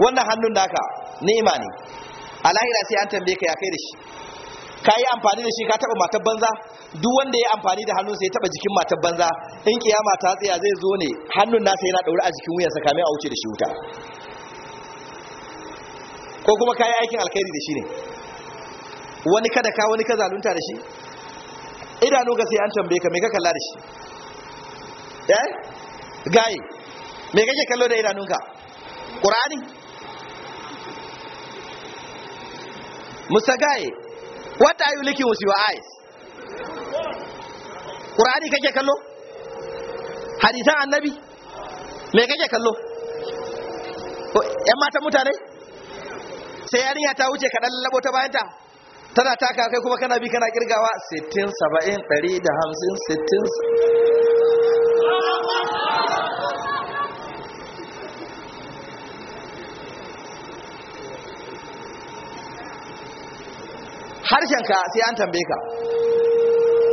wannan hannun naka ni'ima ne a lahira sai an tambaye ka ya kai da shi ka yi amfani da shi ka taba matar banza duk wanda ya amfani da hannunsa ya taba jikin matar banza in kiyama ta tsaya zai zo ne hannun nasa yana daure a jikin wuyansa kamin a wuce da shi wuta ko kuma ka yi aikin alkhairi da shi ne wani kada ka wani ka zalunta da shi idanu ga sai an tambaye ka me ka kalla da shi eh gaye me kake kallo da idanunka qur'ani Mr. Guy, what are you looking with your eyes? Qur'ani kake kallo? Hadisan Annabi? Me kake kallo? ‘Yan matan mutane? Sai yarinya ta wuce kaɗan lallabo ta bayanta? Tana taka kai kuma kana bi kana kirgawa 60, 70, 150, 60. harshenka sai an tambaye ka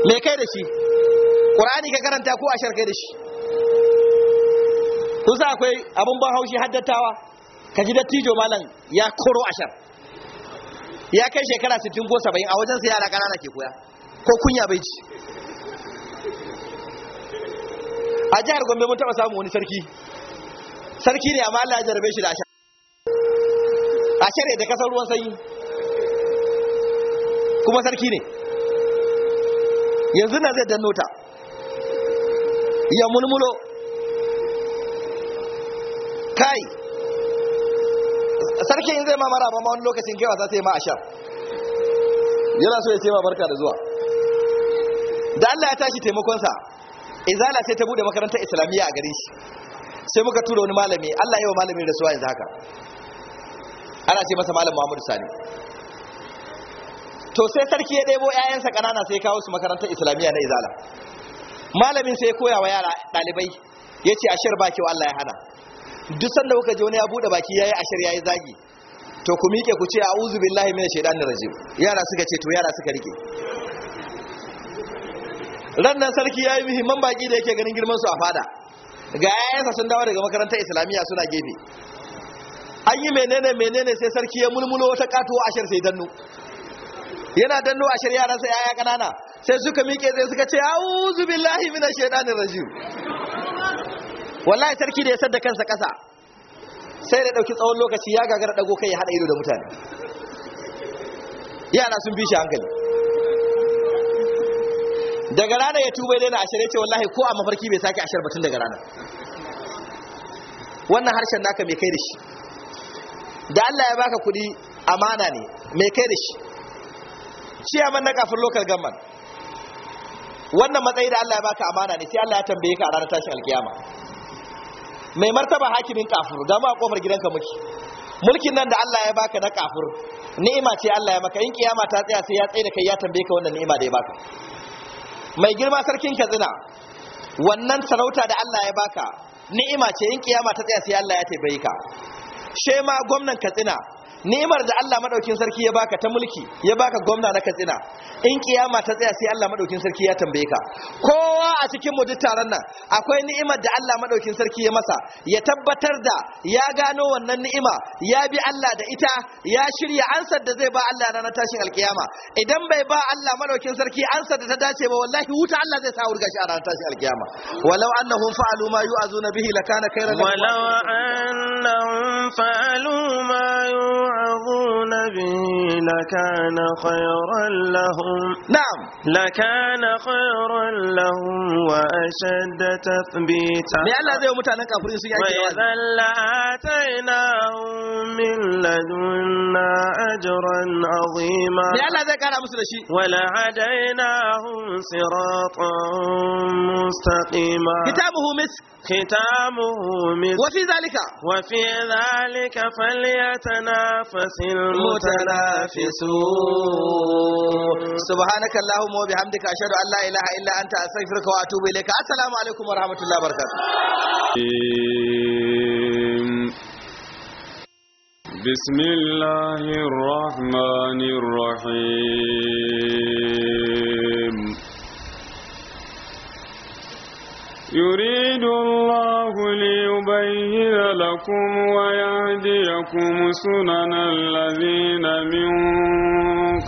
me kai da shi ƙur'ani ka karanta ko ashar kai da shi kusa akwai abin ban haushi haddatawa ka ji dattijo malam ya koro ashar ya kai shekara 60 ko 70 a wajen sai yara ƙanana ke koya ko kunya bai ji? a jihar gombe mun taɓa samun wani sarki sarki ne amma Allah ya jarabe shi da ashar ashar da kasar ruwan sanyi kuma sarki ne yanzu na zai danno ta ya mulmulo kai sarki in zai mamara ma wani lokacin kewa za su yi ma a yana so ya ce ma barka da zuwa da Allah ya tashi taimakonsa izala sai ta bude makarantar islamiyya a gari shi sai muka tura wani malami Allah yawa malamin suwa yanzu haka ana ce masa malam Muhammadu Sani to sai sarki ya ɗebo 'ya'yansa ƙanana sai kawo su makarantar islamiyya na izala malamin sai koya wa yara ɗalibai ya ce ashir ba kyau allah ya hana duk sanda kuka ji wani ya buɗe baki ya yi ashir ya yi zagi to ku miƙe ku ce a'udhu billahi minash shaitanir rajim yara suka ce to yara suka rike rannan sarki ya yi muhimman baki da yake ganin girman su a fada ga 'ya'yansa sun dawo daga makarantar islamiyya suna gefe an yi menene menene sai sarki ya mulmulo wata katuwa ashir sai dannu yana danno a shirya ransa yaya kanana sai suka miƙe zai suka ce a'udhu billahi minash shaitanir rajim wallahi sarki da ya sadda kansa ƙasa sai da dauki tsawon lokaci ya gagara dago kai ya hada ido da mutane yana sun bi shi hankali daga rana ya tuba daina a ya ce wallahi ko a mafarki bai sake a batun daga rana wannan harshen naka mai kai da shi da Allah ya baka kuɗi amana ne mai kai da shi ciyaman na kafin local government wannan matsayi da Allah ya baka amana ne sai Allah ya tambaye ka a ranar tashin alkiyama mai martaba hakimin kafur ga ma kofar gidanka muke mulkin nan da Allah ya baka na kafur ni'ima ce Allah ya maka in kiyama ta tsaya sai ya tsaye da kai ya tambaye ka wannan ni'ima da ya baka mai girma sarkin Katsina wannan sarauta da Allah ya baka ni'ima ce in kiyama ta tsaya sai Allah ya tambaye ka shema gwamnan Katsina ni'imar da Allah madaukin sarki ya baka ta mulki ya baka gwamna na katsina in kiyama ta tsaya sai Allah madaukin sarki ya tambaye ka kowa a cikin mu duk taron nan akwai ni'imar da Allah madaukin sarki ya masa ya tabbatar da ya gano wannan ni'ima ya bi Allah da ita ya shirya ansar da zai ba Allah ranar tashin alkiyama idan bai ba Allah madaukin sarki ansar da ta dace ba wallahi wuta Allah zai sa wurga shi a ranar tashin alkiyama walau annahum fa'alu ma yu'azuna bihi lakana khairan walau annahum fa'alu ma yu'azuna يوعظون به لكان خيرا لهم نعم لكان خيرا لهم وأشد تثبيتا وإذا لآتيناهم من لدنا أجرا عظيما ولهديناهم صراطا مستقيما كتابه مسك ختامه وفي ذلك وفي ذلك فليتنافس المتنافسون سبحانك اللهم وبحمدك أشهد أن لا إله إلا أنت أستغفرك وأتوب إليك السلام عليكم ورحمة الله وبركاته بسم الله الرحمن الرحيم يريد الله ليبين لكم ويهديكم سنن الذين من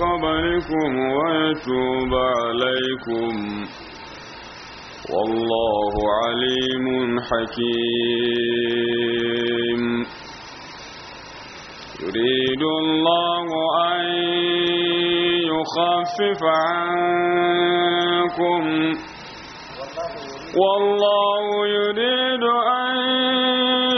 قبلكم ويتوب عليكم والله عليم حكيم يريد الله أن يخفف عنكم والله يريد أن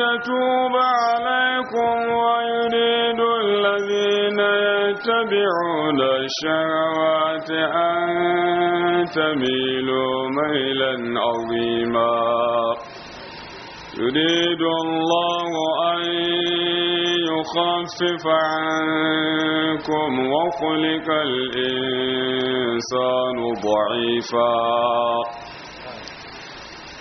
يتوب عليكم ويريد الذين يتبعون الشهوات أن تميلوا ميلا عظيما يريد الله أن يخفف عنكم وخلق الإنسان ضعيفاً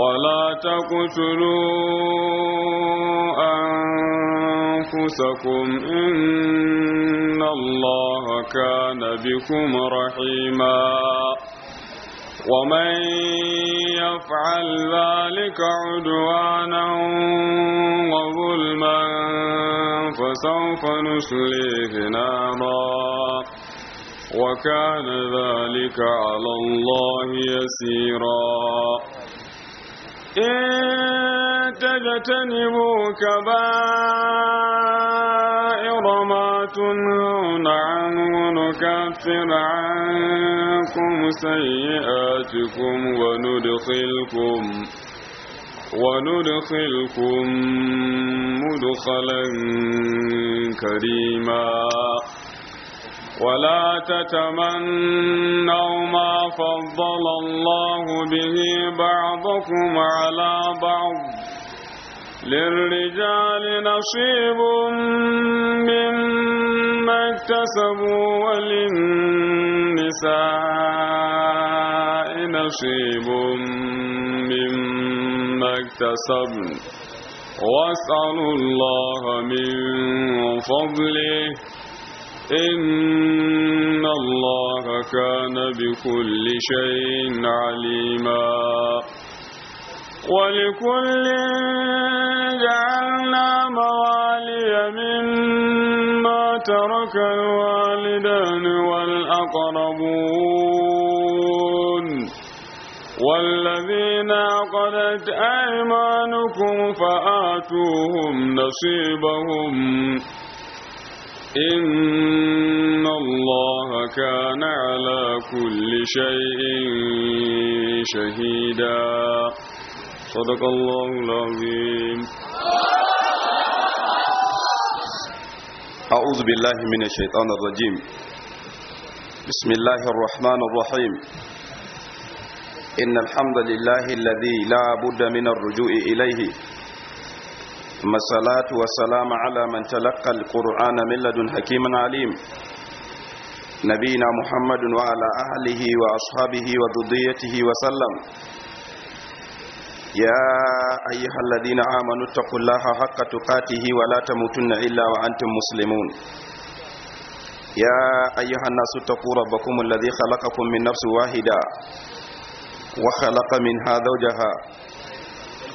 ولا تقتلوا أنفسكم إن الله كان بكم رحيما ومن يفعل ذلك عدوانا وظلما فسوف نسليه نارا وكان ذلك على الله يسيرا تجتنبوا كبائر ما تنهون عنه نكفر عنكم سيئاتكم وندخلكم وندخلكم مدخلا كريما ولا تتمنوا ما فضل الله به بعضكم على بعض للرجال نصيب مما اكتسبوا وللنساء نصيب مما اكتسبن واسألوا الله من فضله إن الله كان بكل شيء عليما ولكل جعلنا موالي مما ترك الوالدان والأقربون والذين عقدت أيمانكم فآتوهم نصيبهم إن الله كان على كل شيء شهيدا صدق الله العظيم أعوذ بالله من الشيطان الرجيم بسم الله الرحمن الرحيم إن الحمد لله الذي لا بد من الرجوع إليه masalatu wasalamu ala man talaqa alqur'ana min ladun hakimin alim nabiyina Muhammadu wa ala wa ashabihi wa dhurriyyatihi wa sallam ya ayyuhalladhina amanu taqullaha haqqa tuqatih wa la tamutunna illa wa antum muslimun ya ayyuhan nasu taqur rabbakum alladhi khalaqakum min nafsin wahida wa khalaqa minha zawjaha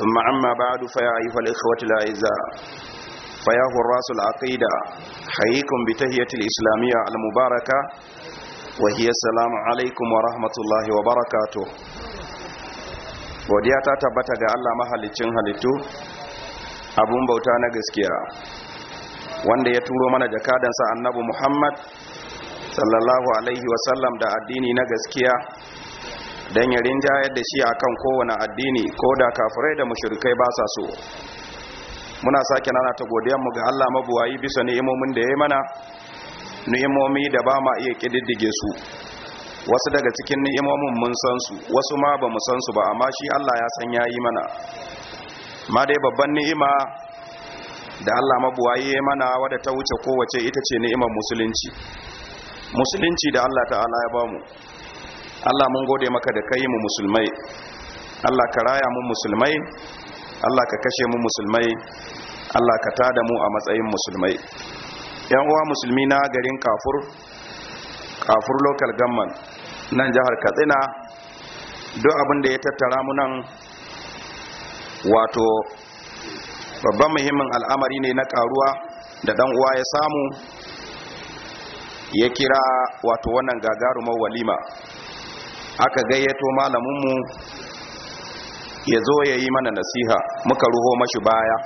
ثم عما بعد فيا أيها الإخوة الأعزاء فيا حراس العقيدة حييكم بتهية الإسلامية المباركة وهي السلام عليكم ورحمة الله وبركاته godiya ta tabbata ga Allah mahalicin halittu abun bauta na gaskiya wanda ya turo mana jakadansa annabi Muhammad sallallahu alaihi wasallam da addini na gaskiya don ya rinjayar da shi akan kowane addini ko da kafirai da mushrikai ba sa so muna sake nana ta mu ga Allah mabuwayi bisa ni'imomin da ya mana ni'imomi da ba ma iya kididdige su wasu daga cikin ni'imomin mun san su wasu ma ba mu san su ba amma shi Allah ya san yayi mana ma dai babban ni'ima da Allah mabuwayi ya mana wadda ta wuce kowace ita ce ni'imar musulunci musulunci da Allah ta'ala ya bamu Allah mun gode maka da kai mu musulmai Allah ka raya mu musulmai Allah ka kashe mu musulmai Allah ka tada mu a matsayin musulmai yan uwa musulmi na garin kafur kafur local government nan jihar Katsina duk abin da ya tattara mu nan wato babban muhimmin al'amari ne na karuwa da dan uwa ya samu ya kira wato wannan gagarumar walima aka gayyato malaminmu ya zo ya yi mana nasiha muka ruho mashi baya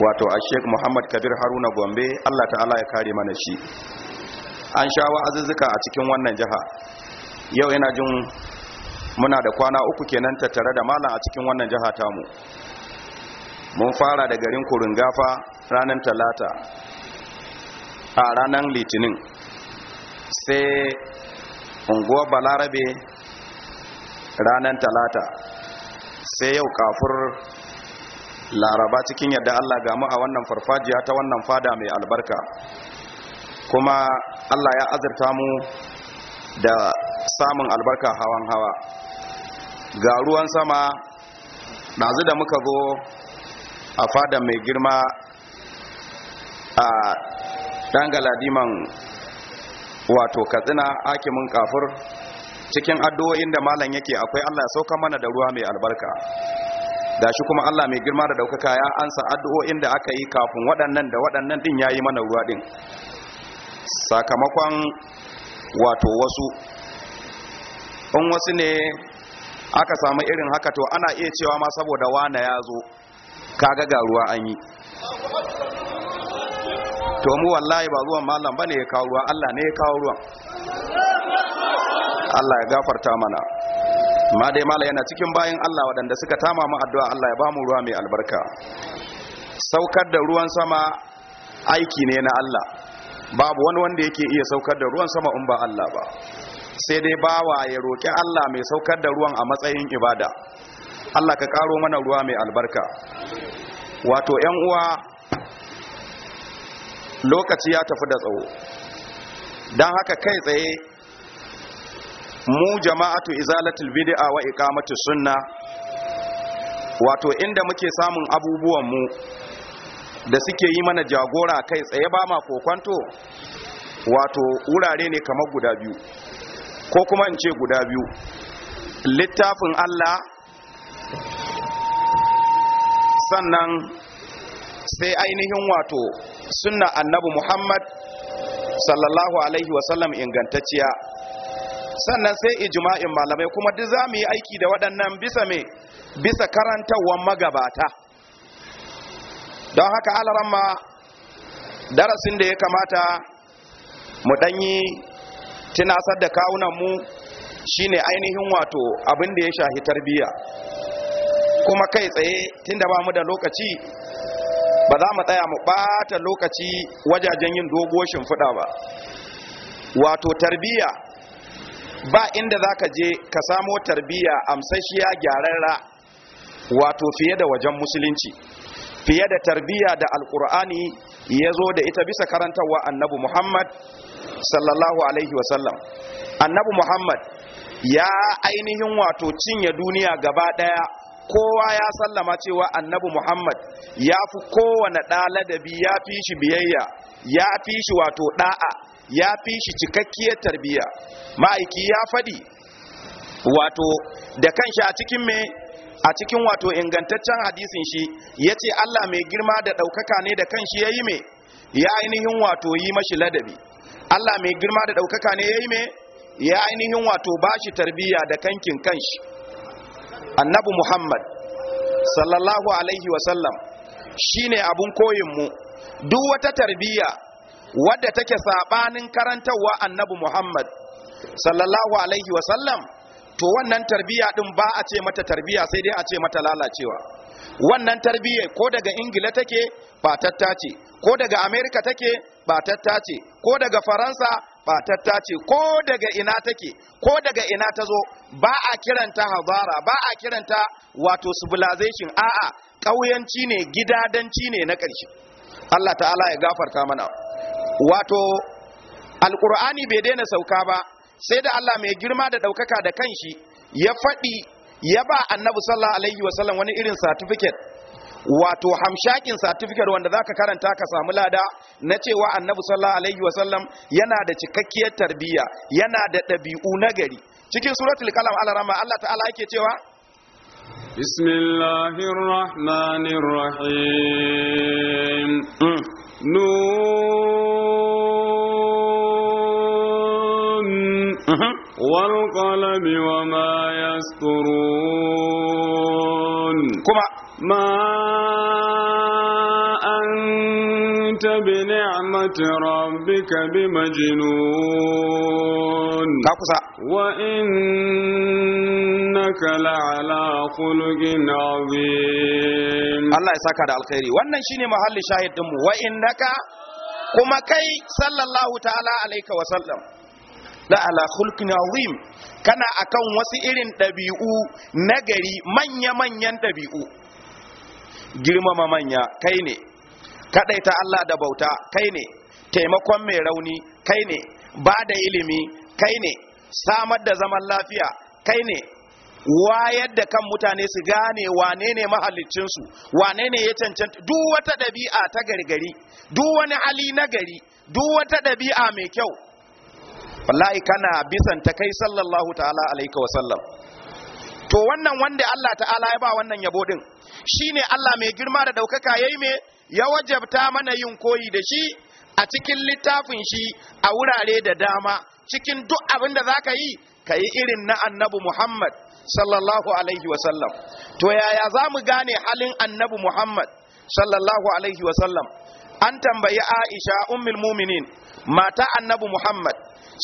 wato a sheik muhammad kabir haruna gombe allah ta'ala ya kare mana shi an sha wa'azuzzuka a cikin wannan jiha yau yana jin muna da kwana uku kenan tattare da malam a cikin wannan jiha mu. mun fara da garin kuringafa ranar talata a ranar litinin sai unguwar balarabe ranar talata sai yau kafur laraba cikin yadda allah gamu a wannan farfajiya ta wannan fada mai albarka kuma allah ya azurta mu da samun albarka hawan hawa ga ruwan sama dazu da muka go, a fada mai girma a dangala diman. wato katsina akimin kafur cikin addu'o'in da malam yake akwai Allah ya sauka mana da ruwa mai albarka gashi kuma Allah mai girma da daukaka ya ansa addu'o'in da aka yi kafin waɗannan da waɗannan din yayi mana ruwa din sakamakon wato wasu in wasu ne aka samu irin haka to ana iya cewa ma saboda wana ya zo kaga ga ruwa an yi to mu wallahi ba ruwan malam bane ya kawo ruwa Allah ne ya kawo ruwan Allah ya gafarta mana amma dai malam yana cikin bayin Allah waɗanda suka tama mu addu'a Allah ya ba mu ruwa mai albarka saukar da ruwan sama aiki ne na Allah babu wani wanda yake iya saukar da ruwan sama in ba Allah ba sai dai bawa ya roƙi Allah mai saukar da ruwan a matsayin ibada Allah ka karo mana ruwa mai albarka wato 'yan uwa lokaci ya tafi da tsawo don haka kai tsaye mu jama'atu izalatul bid'a wa iqamatu sunna wato inda muke samun abubuwan mu da suke yi mana jagora kai tsaye ba ma kokwanto wato wurare ne kamar guda biyu ko kuma in ce guda biyu littafin Allah sannan sai ainihin wato sunna annabi muhammad sallallahu alaihi wasallam ingantacciya sannan sai ijma'in malamai kuma duk za mu yi aiki da waɗannan bisa me bisa karantarwar magabata don haka alaramma darasin da ya kamata mu ɗanyi tunasar da kawunanmu shine ainihin wato abin da ya shahi tarbiya kuma kai tsaye tunda ba mu da lokaci ba za mu tsaya mu ɓata lokaci wajajen yin doguwar shimfiɗa ba wato tarbiya ba inda za ka je ka samo tarbiya amsashiya gyararra wato fiye da wajen musulunci fiye da tarbiya da alkur'ani ya zo da ita bisa karantarwa annabi muhammad sallallahu alaihi wasallam annabi muhammad ya ainihin wato cinye duniya gaba ɗaya kowa ya sallama cewa annabi muhammad ya fi kowane ɗa ladabi ya fi shi biyayya ya fi shi wato ɗa'a ya fi shi cikakkiyar tarbiyya ma'aiki ya faɗi wato da kanshi a cikin me a cikin wato ingantaccen hadisin shi ya ce allah mai girma da ɗaukaka ne da kanshi ya yi me ya ainihin wato yi mashi ladabi allah mai girma da ɗaukaka ne ya yi me ya ainihin wato ba shi tarbiyya da kankin kanshi annabi muhammad sallallahu alaihi wasallam shine abun koyinmu duk wata tarbiyya wadda take saɓanin karantarwa annabi muhammad sallallahu alaihi wasallam to wannan tarbiyya din ba a ce mata tarbiyya sai dai a ce mata lalacewa wannan tarbiyya ko daga ingila take ba tatta ko daga america take ba tatta ko daga faransa batatta ce ko daga ina take ko daga ina ta zo ba a kiranta hazara ba a kiranta wato civilization a'a ƙauyanci ne gidadanci ne na ƙarshe Allah ta'ala ya gafarta mana wato alkur'ani bai daina sauka ba sai da Allah mai girma da ɗaukaka da kanshi ya faɗi ya ba annabi sallallahu alaihi wasallam wani irin certificate wato hamshakin satifikar wanda za ka karanta ka samu lada na cewa annabi sallallahu alaihi wasallam yana da cikakkiyar tarbiyya yana da ɗabi'u nagari cikin suratul kalam al Allah ta'ala yake cewa bismillahir rahmanir rahim nun mhm. wal qalami wama yasturun kuma ما أنت بنعمة ربك بمجنون وإنك لعلى خلق عظيم الله يساك على الخير وأنا شيني محل شاهد دمو وإنك كما كي صلى الله تعالى عليك وسلم لا على خلق عظيم كان أكون وسئل irin نجري من يمن manyan girmama manya kai ne kadaita Allah da bauta kai ne taimakon mai rauni kai ne ba da ilimi kai ne samar da zaman lafiya kai ne wayar da kan mutane su gane wane ne mahalicinsu wane ne ya cancanta duk wata ɗabi'a ta gargari duk wani hali na gari duk wata ɗabi'a mai kyau wallahi kana bisan ta kai sallallahu ta'ala alaika sallam. to wannan wanda Allah ta'ala ya ba wannan yabo din shine Allah mai girma da daukaka yayi me ya wajabta mana yin koyi da shi a cikin littafin shi a wurare da dama cikin duk abin da zaka yi ka yi irin na annabi Muhammad sallallahu alaihi wasallam to yaya za mu gane halin annabi Muhammad sallallahu alaihi wasallam an tambayi Aisha ummul muminin mata annabi Muhammad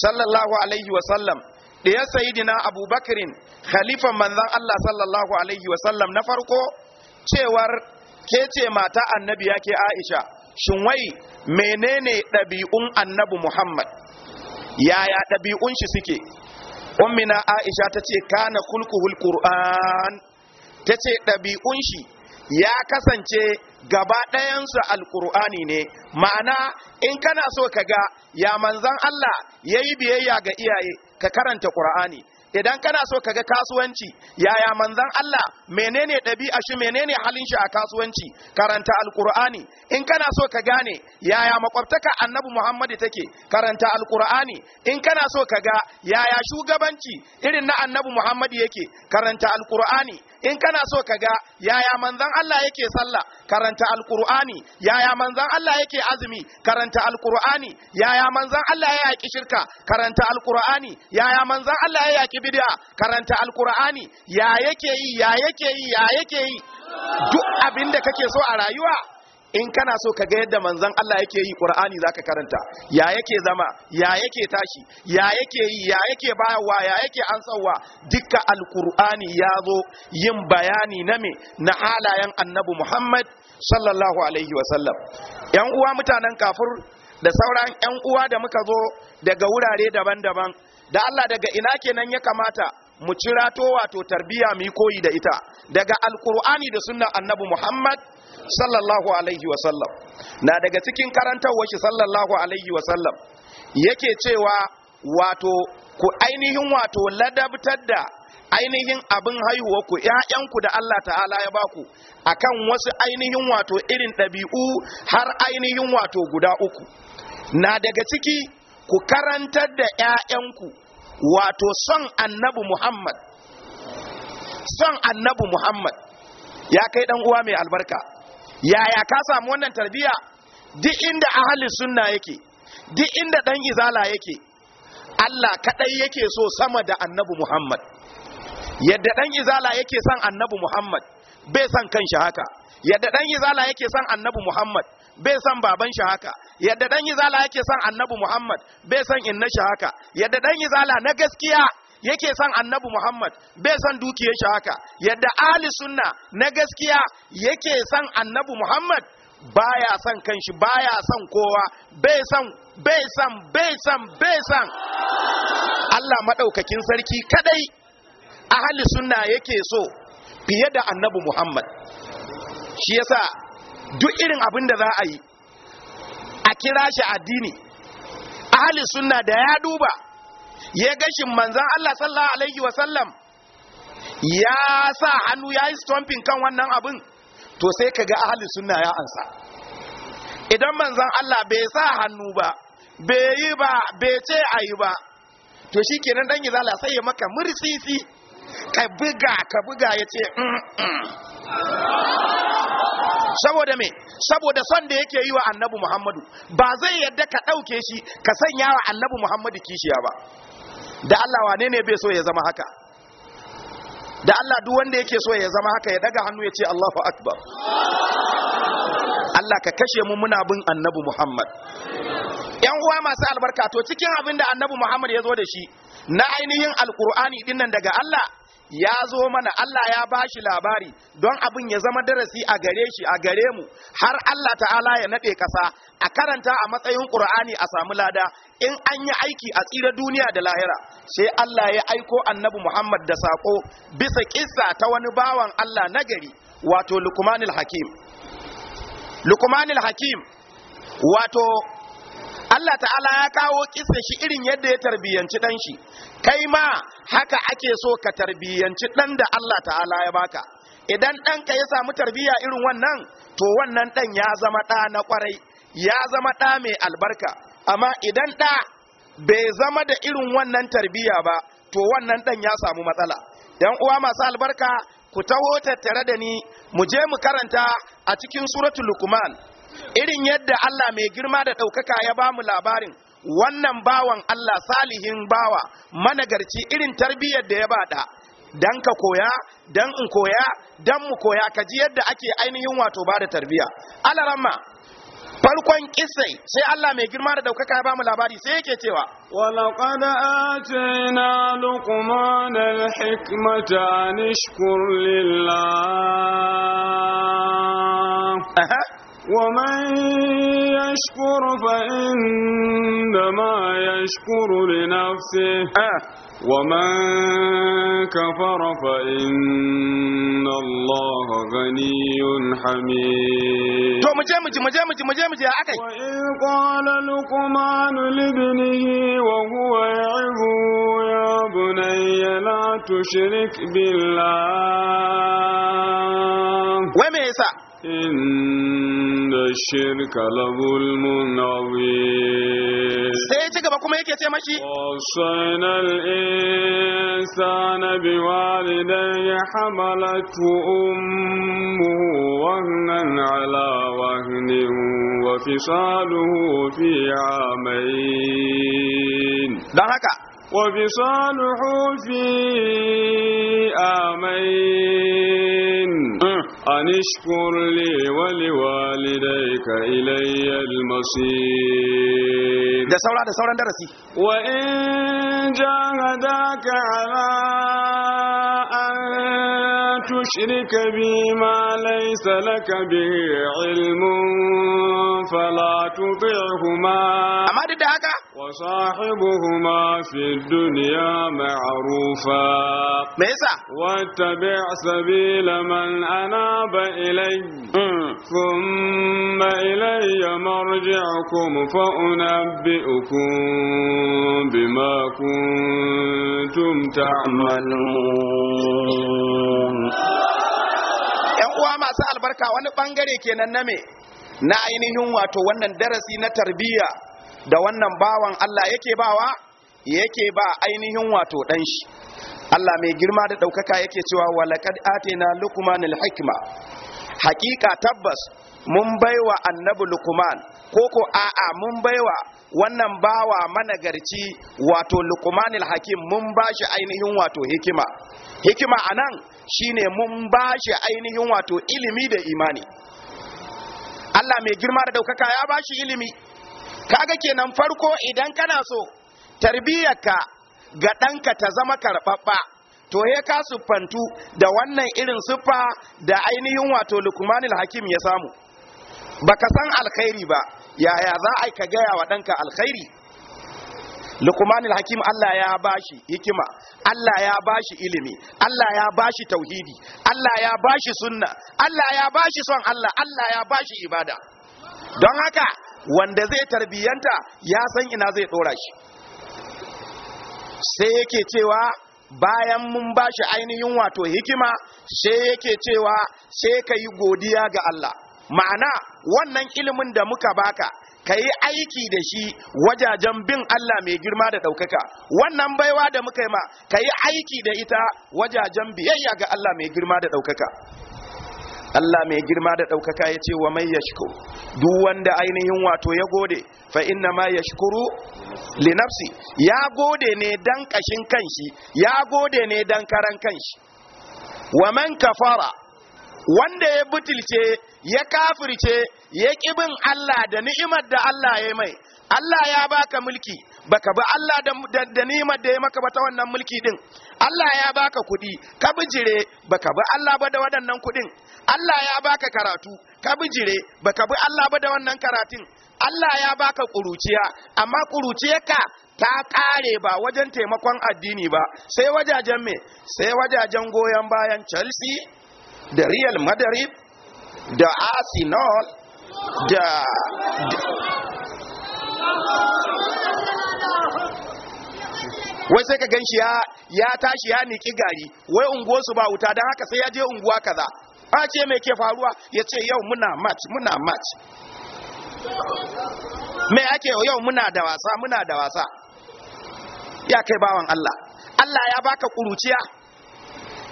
sallallahu alaihi wasallam ɗaya sayidina abubakarin khalifan manzan Allah sallallahu alaihi wasallam na farko cewar ke ce mata annabi ya ke aisha shin wai menene ɗabi'un annabi muhammad yaya ɗabi'un shi suke ummina aisha ta ce kana kulkuhul qur'an ta ce ɗabi'un shi ya kasance gaba ɗayansu alƙur'ani ne ma'ana in kana so ka ga ya manzan Allah ya yi biyayya ga iyaye ka karanta Qur'ani idan kana so kaga kasuwanci yaya manzan Allah menene ɗabi'a shi menene halin shi a kasuwanci karanta alqur'ani in kana so ka gane yaya makwabtaka annabi Muhammad take karanta alqur'ani in kana so ka ga yaya shugabanci irin na annabi Muhammad yake karanta alqur'ani in kana so ka ga yaya manzan Allah yake sallah karanta alqur'ani yaya manzan Allah yake azumi karanta alqur'ani yaya manzan Allah ya yaki shirka karanta alqur'ani yaya manzan Allah ya yaki bid'a karanta alqur'ani ya yake yi ya yake yi ya yake yi duk abinda da kake so a rayuwa in kana so ka ga yadda manzon Allah yake yi Qur'ani zaka karanta ya yake zama ya yake tashi ya yake yi ya yake bayarwa ya yake ansarwa dukkan alqur'ani ya zo yin bayani na me na halayen annabi Muhammad sallallahu alaihi wasallam yan uwa mutanen kafir da sauran yan uwa da muka zo daga wurare daban-daban da Allah daga ina kenan ya kamata mu cirato wato tarbiya mu koyi da ita daga alkur'ani da sunnan annabi muhammad sallallahu alaihi wasallam na daga cikin karantarwar shi sallallahu alaihi wasallam yake cewa wato ku ainihin wato ladabtar da ainihin abin haihuwa ku ‘ya'yanku da Allah ta'ala ya baku akan wasu ainihin wato irin ɗabi'u har ainihin wato guda uku na daga ciki ku karantar da ‘ya'yanku wato son annabi Muhammad son annabi Muhammad ya kai ɗan uwa mai albarka yaya ka samu wannan tarbiya duk inda ahalin sunna yake duk inda dan izala yake Allah kadai yake so sama da annabi Muhammad yadda dan izala yake son annabi Muhammad bai son kanshi haka yadda dan izala yake son annabi Muhammad bai son baban shi haka yadda dan izala yake son annabi Muhammad bai son inna shi haka yadda dan izala na gaskiya yake son annabi Muhammad bai son dukiyar haka yadda ahli sunna na gaskiya yake son annabi Muhammad baya son kanshi baya son kowa bai son bai son bai son bai son Allah madaukakin sarki kadai ahli sunna yake so fiye da annabi Muhammad shi yasa duk irin abin da za a yi a kira shi addini ahli sunna da ya duba ya gashin manzan Allah sallallahu alaihi wasallam ya sa hannu ya yi stomping kan wannan abin to sai ka ga ahalin sunna ya ansa idan manzan Allah bai sa hannu ba bai yi ba bai ce a ba to shi kenan dan izala sai ya maka mursisi ka buga ka buga ya ce mm, mm. saboda me saboda son da yake yi wa annabi muhammadu ba zai yadda ka ɗauke shi ka sanya wa annabi muhammadu kishiya ba da Allah wane ne bai so ya zama haka da Allah duk wanda yake so ya zama haka ya daga hannu ya ce Allahu akbar Allah ka kashe mu muna bin annabi Muhammad yan uwa masu albarka to cikin abin da annabi Muhammad ya zo da shi na ainihin alkur'ani dinnan daga Allah ya zo mana Allah ya bashi labari don abin ya zama darasi a gare shi a gare mu har Allah ta'ala ya naɗe ƙasa a karanta a matsayin ƙur'ani a samu lada in an yi aiki a tsira duniya da lahira sai Allah ya aiko Annabi Muhammad da saƙo bisa kissa ta wani bawan Allah nagari wato Luqmanul Hakim Luqmanul Hakim wato Allah ta'ala ya kawo kisa shi irin yadda ya tarbiyanci dan shi kai ma haka ake so ka tarbiyyanci dan da Allah ta'ala ya baka idan dan ka ya samu tarbiyya irin wannan to wannan dan ya zama da na kwarai, ya zama da mai albarka amma idan da bai zama da irin wannan tarbiyya ba to wannan dan ya samu matsala Dan uwa masu albarka ku taho tattare da ni mu je mu karanta a cikin suratul lukman irin yadda Allah mai girma da ɗaukaka ya ba mu labarin wannan bawan Allah salihin bawa managarci irin tarbiyyar da ya bada dan ka koya dan in koya dan mu koya ka ji yadda ake ainihin wato ba da tarbiyya alarama farkon kisai sai Allah mai girma da ɗaukaka ya ba mu labari sai yake cewa na atayna luqman alhikmata nishkur lillah ومن يشكر فإنما يشكر لنفسه آه. ومن كفر فإن الله غني حميد وإن قال لقمان لابنه وهو يعظه يا بني لا تشرك بالله إن الشرك لظلم عظيم سيتك يا وصينا الإنسان بوالديه حملته أمه وهنا على وهن وفصاله في عامين دهكا وفصاله في آمين hmm. أن اشكر لي ولوالديك إلي المصير ده سورة ده سورة درسي وإن جاهداك على أن تشرك بي ما ليس لك به علم فلا تطعهما أما ده هكذا وصاحبهما في الدنيا معروفا ميسا واتبع سبيل من أناب إلي ثم إلي مرجعكم فأنبئكم بما كنتم تعملون ‘Yan uwa masu albarka wani ɓangare kenan na me na ainihin wato wannan darasi na tarbiyya da wannan bawan Allah yake bawa yake ba ainihin wato dan shi Allah mai girma da ɗaukaka yake cewa walaqad atina luqmanal hikma hakika tabbas mun baiwa annabi luqman koko a'a mun baiwa wannan bawa managarci wato luqmanil hakim mun bashi ainihin wato hikima hikima anan shine mun bashi ainihin wato ilimi da imani Allah mai girma da ɗaukaka ya bashi ilimi kaga kenan farko idan kana so tarbiyyarka ga ɗanka ta zama karɓaɓɓa to he ka siffantu da wannan irin siffa da ainihin wato lukmanil hakim ya samu baka san alkhairi ba yaya za a ka gaya wa ɗanka alkhairi lukmanil hakim Allah ya bashi hikima Allah ya bashi ilimi Allah ya bashi tauhidi Allah ya bashi sunna Allah ya bashi son Allah Allah ya bashi ibada don haka wanda zai tarbiyanta ya san ina zai dora shi sai yake cewa bayan mun ba shi ainihin wato hikima sai yake cewa sai ka yi godiya ga Allah ma'ana wannan ilimin da muka baka ka yi aiki da shi wajajen bin Allah mai girma da ɗaukaka wannan baiwa da muka yi ma ka yi aiki da ita wajajen biyayya ga Allah mai girma da ɗaukaka Allah mai girma da ɗaukaka ya ce wa mai yashku, duk wanda ainihin wato ya gode fa inna ma yashkuru li nafsi ya gode ne dan kashin kanshi ya gode ne dan karan kanshi wa man kafara wanda ya butulce ya kafirce ya kibin Allah da ni'imar da Allah ya mai Allah ya baka mulki baka bi Allah da nimar da ya maka ba ta wannan mulki din Allah ya baka kuɗi ka bijire baka bi Allah ba da waɗannan kuɗin Allah ya baka karatu ka bijire baka bi Allah ba da wannan karatun Allah ya baka ƙuruciya amma ka, ta kare ba wajen taimakon addini ba sai wajajen me sai wajajen goyon bayan Chelsea da Real Madrid da Arsenal da wai sai ka ganshi ya ya tashi ya niki gari wai unguwar su ba wuta dan haka sai ya je unguwa kaza a ce me ke faruwa ya ce yau muna match muna match me ake yau muna da wasa muna da wasa ya kai bawan Allah Allah ya baka kuruciya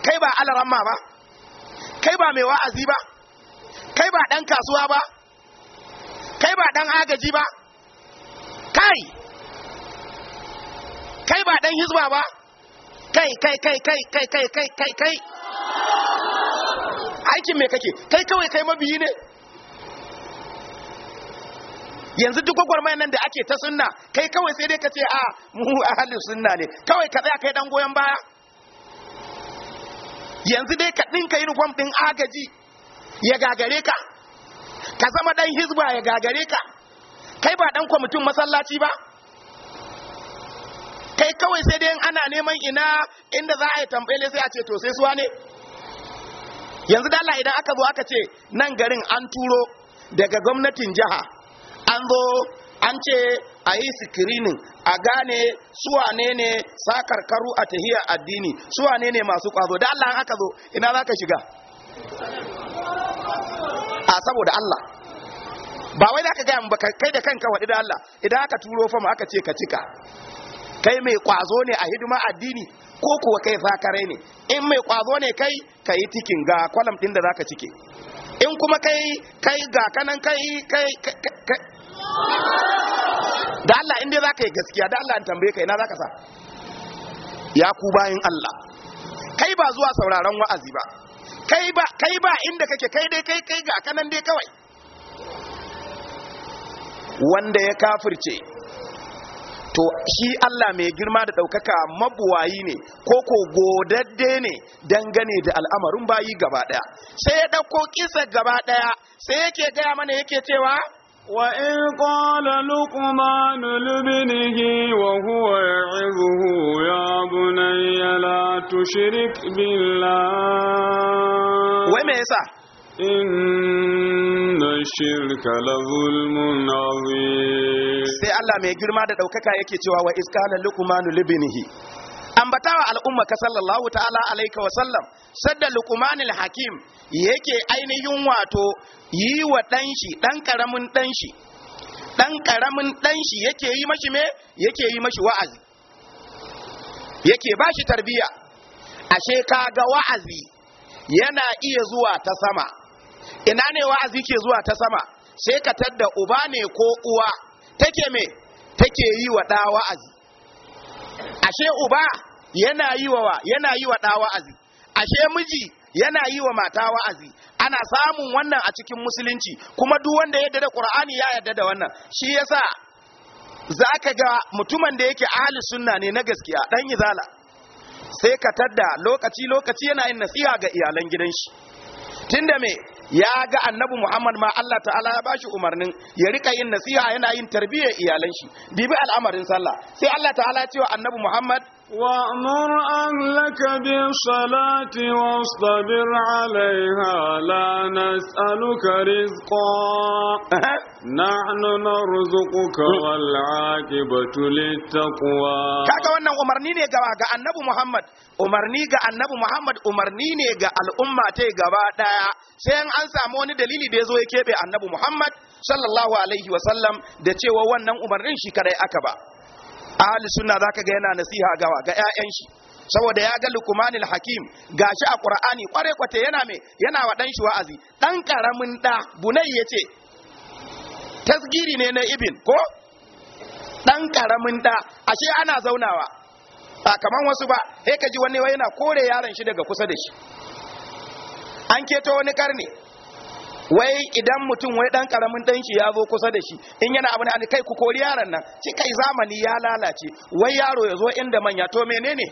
kai ba alaramma ba kai ba mai wa'azi ba kai ba dan kasuwa ba kai ba dan agaji ba kai kai ba dan hizba ba kai kai kai kai kai kai kai kai kai aikin me kake kai kawai kai mabiyi ne yanzu duk gwagwarmayar nan da ake ta sunna kai kawai sai dai ka ce a ah, mu ahalin sunna ne kawai ka tsaya kai dan goyon baya yanzu dai ka dinka yin gwam din agaji ya gagare ka ka zama dan hizba ya gagare ka kai ba dan kwamitin masallaci ba kai kawai sai dai ana neman ina inda za a yi tambayi sai a ce to sai suwa ne yanzu dala idan aka zo aka ce nan garin an turo daga gwamnatin jiha an zo an ce a yi sikirinin a gane wane ne sakarkaru a tahiyar addini wane ne masu kwazo da Allah aka zo ina za ka shiga a saboda Allah ba wai za ka gaya ba kai da kanka waɗi da Allah idan aka turo fama aka ce ka cika kai mai kwazo ne a hidima addini ko kuwa kai fakarai ne in mai kwazo ne kai ka yi tikin ga kwalam ɗin da za ka cike in kuma kai kai ga kanan kai kai da Allah inda za ka yi gaskiya da Allah in tambaye ka ina za ka sa ya ku bayin Allah kai ba zuwa sauraron wa'azi ba kai ba kai ba inda kake kai dai kai kai ga kanan dai kawai wanda ya kafirce to shi Allah mai girma da ɗaukaka mabuwayi ne ko ko godadde ne dangane da al'amarin bayi gaba ɗaya sai ya ɗauko kisa gaba ɗaya sai yake gaya mana yake cewa Wa in luqman قال wa huwa ya'izuhu ya bunayya la tushrik billah wai me yasa inna shirka la zulmun azim sai Allah mai girma da ɗaukaka yake cewa wa iskana luqmanu libnihi ambatawa al'umma ka sallallahu ta'ala alaika wa sallam sadda luqmanul hakim yake ainihin wato yi wa ɗanshi shi ƙaramin ɗanshi ɗan shi ɗanshi shi yake yi mashi me yake yi mashi wa'azi yake shi tarbiya ashe ka ga wa'azi yana iya zuwa ta sama ina ne wa'azi ke zuwa ta sama sai ka tadda uba ne ko uwa take me take yi wa ɗa wa'azi ashe uba yana yi wa yana yi wa ɗa wa'azi ashe miji yana yi wa mata wa'azi ana samun wannan a cikin musulunci kuma duk wanda ya yarda da qur'ani ya yarda da wannan shi yasa zaka ga mutumin da yake ahli sunna ne na gaskiya dan izala sai ka tadda lokaci lokaci yana yin nasiha ga iyalan gidan shi tunda me ya ga annabi Muhammad ma Allah ta'ala ya bashi umarnin ya rika yin nasiha yana yin tarbiyyar iyalan shi dibi al'amarin sallah sai Allah ta'ala ya ce wa annabi Muhammad وأمر أهلك بالصلاة واصطبر عليها لا نسألك رزقا نحن نرزقك والعاقبة للتقوى kaga wannan umarni ne ga ga annabi Muhammad umarni ga annabi Muhammad umarni ne ga al'umma ta gaba daya sai an samu wani dalili da zo ya keɓe annabi Muhammad sallallahu da cewa wannan umarnin shi kadai aka ba ahli sunna zaka ga yana nasiha gawa ga ƴaƴan shi saboda ya ga lukmanil hakim gashi a qur'ani kware kwate yana me yana wa dan shi wa'azi dan karamin da bunai yace tasgiri ne na ibn ko dan karamin da ashe ana zaunawa ba kaman wasu ba sai ka ji wani yana kore yaron shi daga kusa da shi an keto wani karni wai idan mutum wai dan karamin danki ya zo kusa da shi in yana abu ne kai ku kori yaron nan shi kai zamani ya lalace wai yaro ya zo inda manya to menene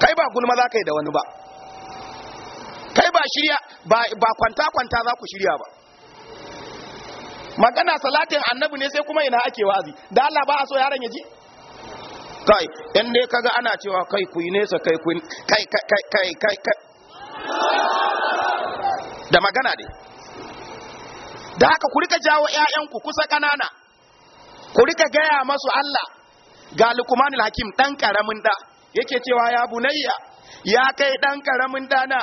kai ba gulma za kai da wani ba kai ba shirya ba kwanta kwanta za ku shirya ba magana salatin annabi ne sai kuma ina ake wazi da Allah ba a so yaron ya ji kai in dai kaga ana cewa kai ku yi nesa kai ku kai kai kai kai da magana ne da haka ku rika jawo 'ya'yanku kusa ƙanana ku rika gaya masu Allah ga lukmanul hakim dan karamin da yake cewa ya bunayya ya kai ɗan ƙaramin na,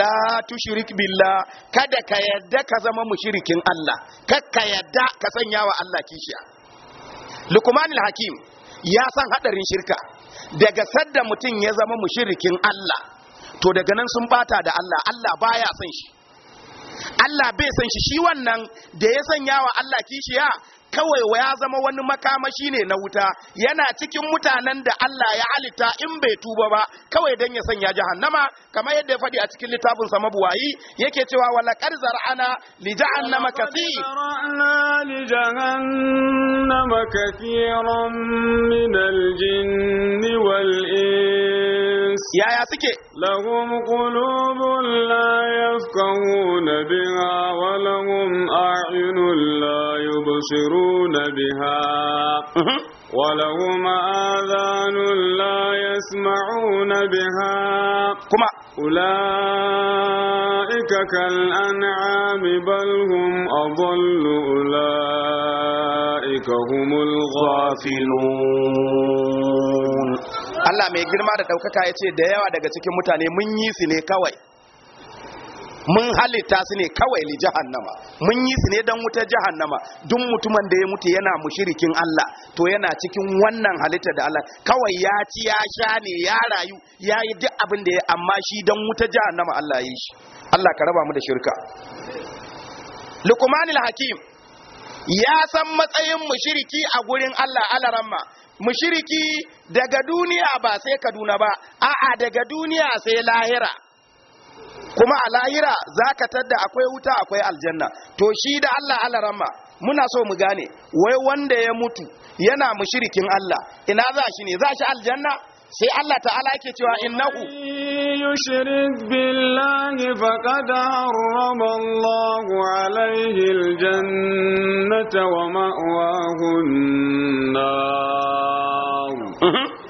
la tushrik billah kada ka yadda ka zama mushrikin Allah ka yadda ka sanya wa Allah kishiya lukmanul hakim ya san hadarin shirka daga sadda mutum ya zama mushrikin Allah to daga nan sun bata da Allah Allah baya son shi Allah bai san shi shi wannan da ya sanya wa Allah kishiya kawai wa ya zama wani makamashi ne na wuta yana cikin mutanen da Allah ya halitta in bai tuba ba kawai dan ya sanya jahannama kamar yadda ya faɗi a cikin littafin sa mabuwayi yake cewa wala qad zar'ana li jahannama kathira yaya suke lahum qulubun la yafqahuna biha wa lahum a'yunun la yubsiruna biha wa lahum adhanun la yasma'una biha kuma أولئك كالأنعام بل هم أضل أولئك هم الغافلون Allah mai girma da ɗaukaka ya ce da yawa daga cikin mutane mun yi su ne kawai mun halitta su ne kawai li jahannama mun yi su ne don wuta jahannama duk mutumin da ya mutu yana mushirikin Allah to yana cikin wannan halitta da Allah kawai ya ci ya sha ne ya rayu ya yi duk abin da ya amma shi don wuta jahannama Allah ya yi shi Allah ka raba mu da shirka Luqmanul Hakim ya san matsayin mushiriki a gurin Allah alaramma mushiriki daga duniya ba sai kaduna ba a'a daga duniya sai lahira kuma a lahira zaka ka tadda akwai wuta akwai aljanna to shi da allah alarama muna so mu gane wai wanda ya mutu yana mushirikin allah ina za shi ne za shi aljanna sai Allah ta'ala yake cewa innahu yushrik billahi faqad harrama Allahu alayhi aljannata wa ma'wahu an-nar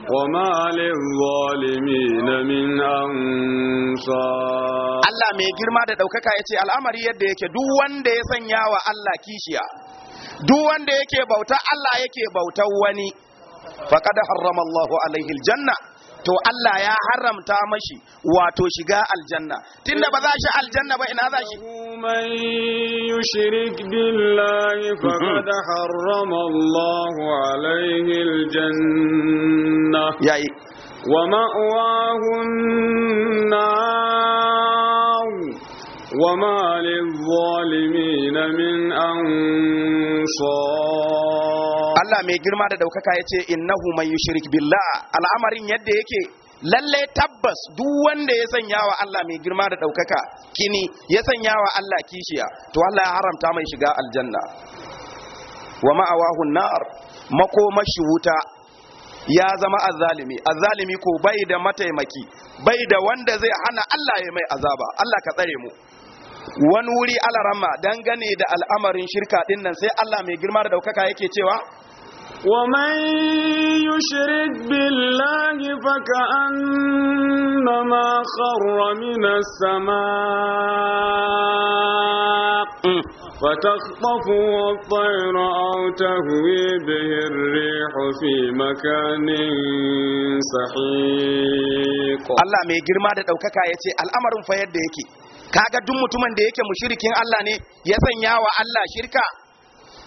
وما للظالمين من أنصار Allah mai girma da ɗaukaka ya ce al'amari yadda yake duk wanda ya sanya wa Allah kishiya duk wanda yake bauta Allah yake bautar wani faqad harrama Allahu alaihi aljanna to Allah ya haramta mashi wato shiga aljanna tunda ba za shi aljanna ba ina za shi man yushrik billahi faqad harrama Allahu alaihi aljanna yayi wa ma'wahu an-nar وما للظالمين من أنصار Allah mai girma da daukaka ya ce innahu man yushrik billa. al'amarin yadda yake lalle tabbas duk wanda ya sanya wa Allah mai girma da daukaka kini ya sanya wa Allah kishiya to Allah ya haramta mai shiga aljanna wa ma'awahu nar makomashi wuta ya zama azzalimi azzalimi ko bai da mataimaki bai da wanda zai hana Allah ya mai azaba Allah ka tsare mu wani wuri alarama dangane da al'amarin shirka din sai Allah mai girma da daukaka yake cewa ومن يشرك بالله فكأنما خر من السماء فتخطفه الطير أو تهوي به الريح في مكان سحيق الله mai girma da ɗaukaka ya ce al'amarin fa yadda yake kaga duk mutumin da yake mushirikin Allah ne ya sanya wa Allah shirka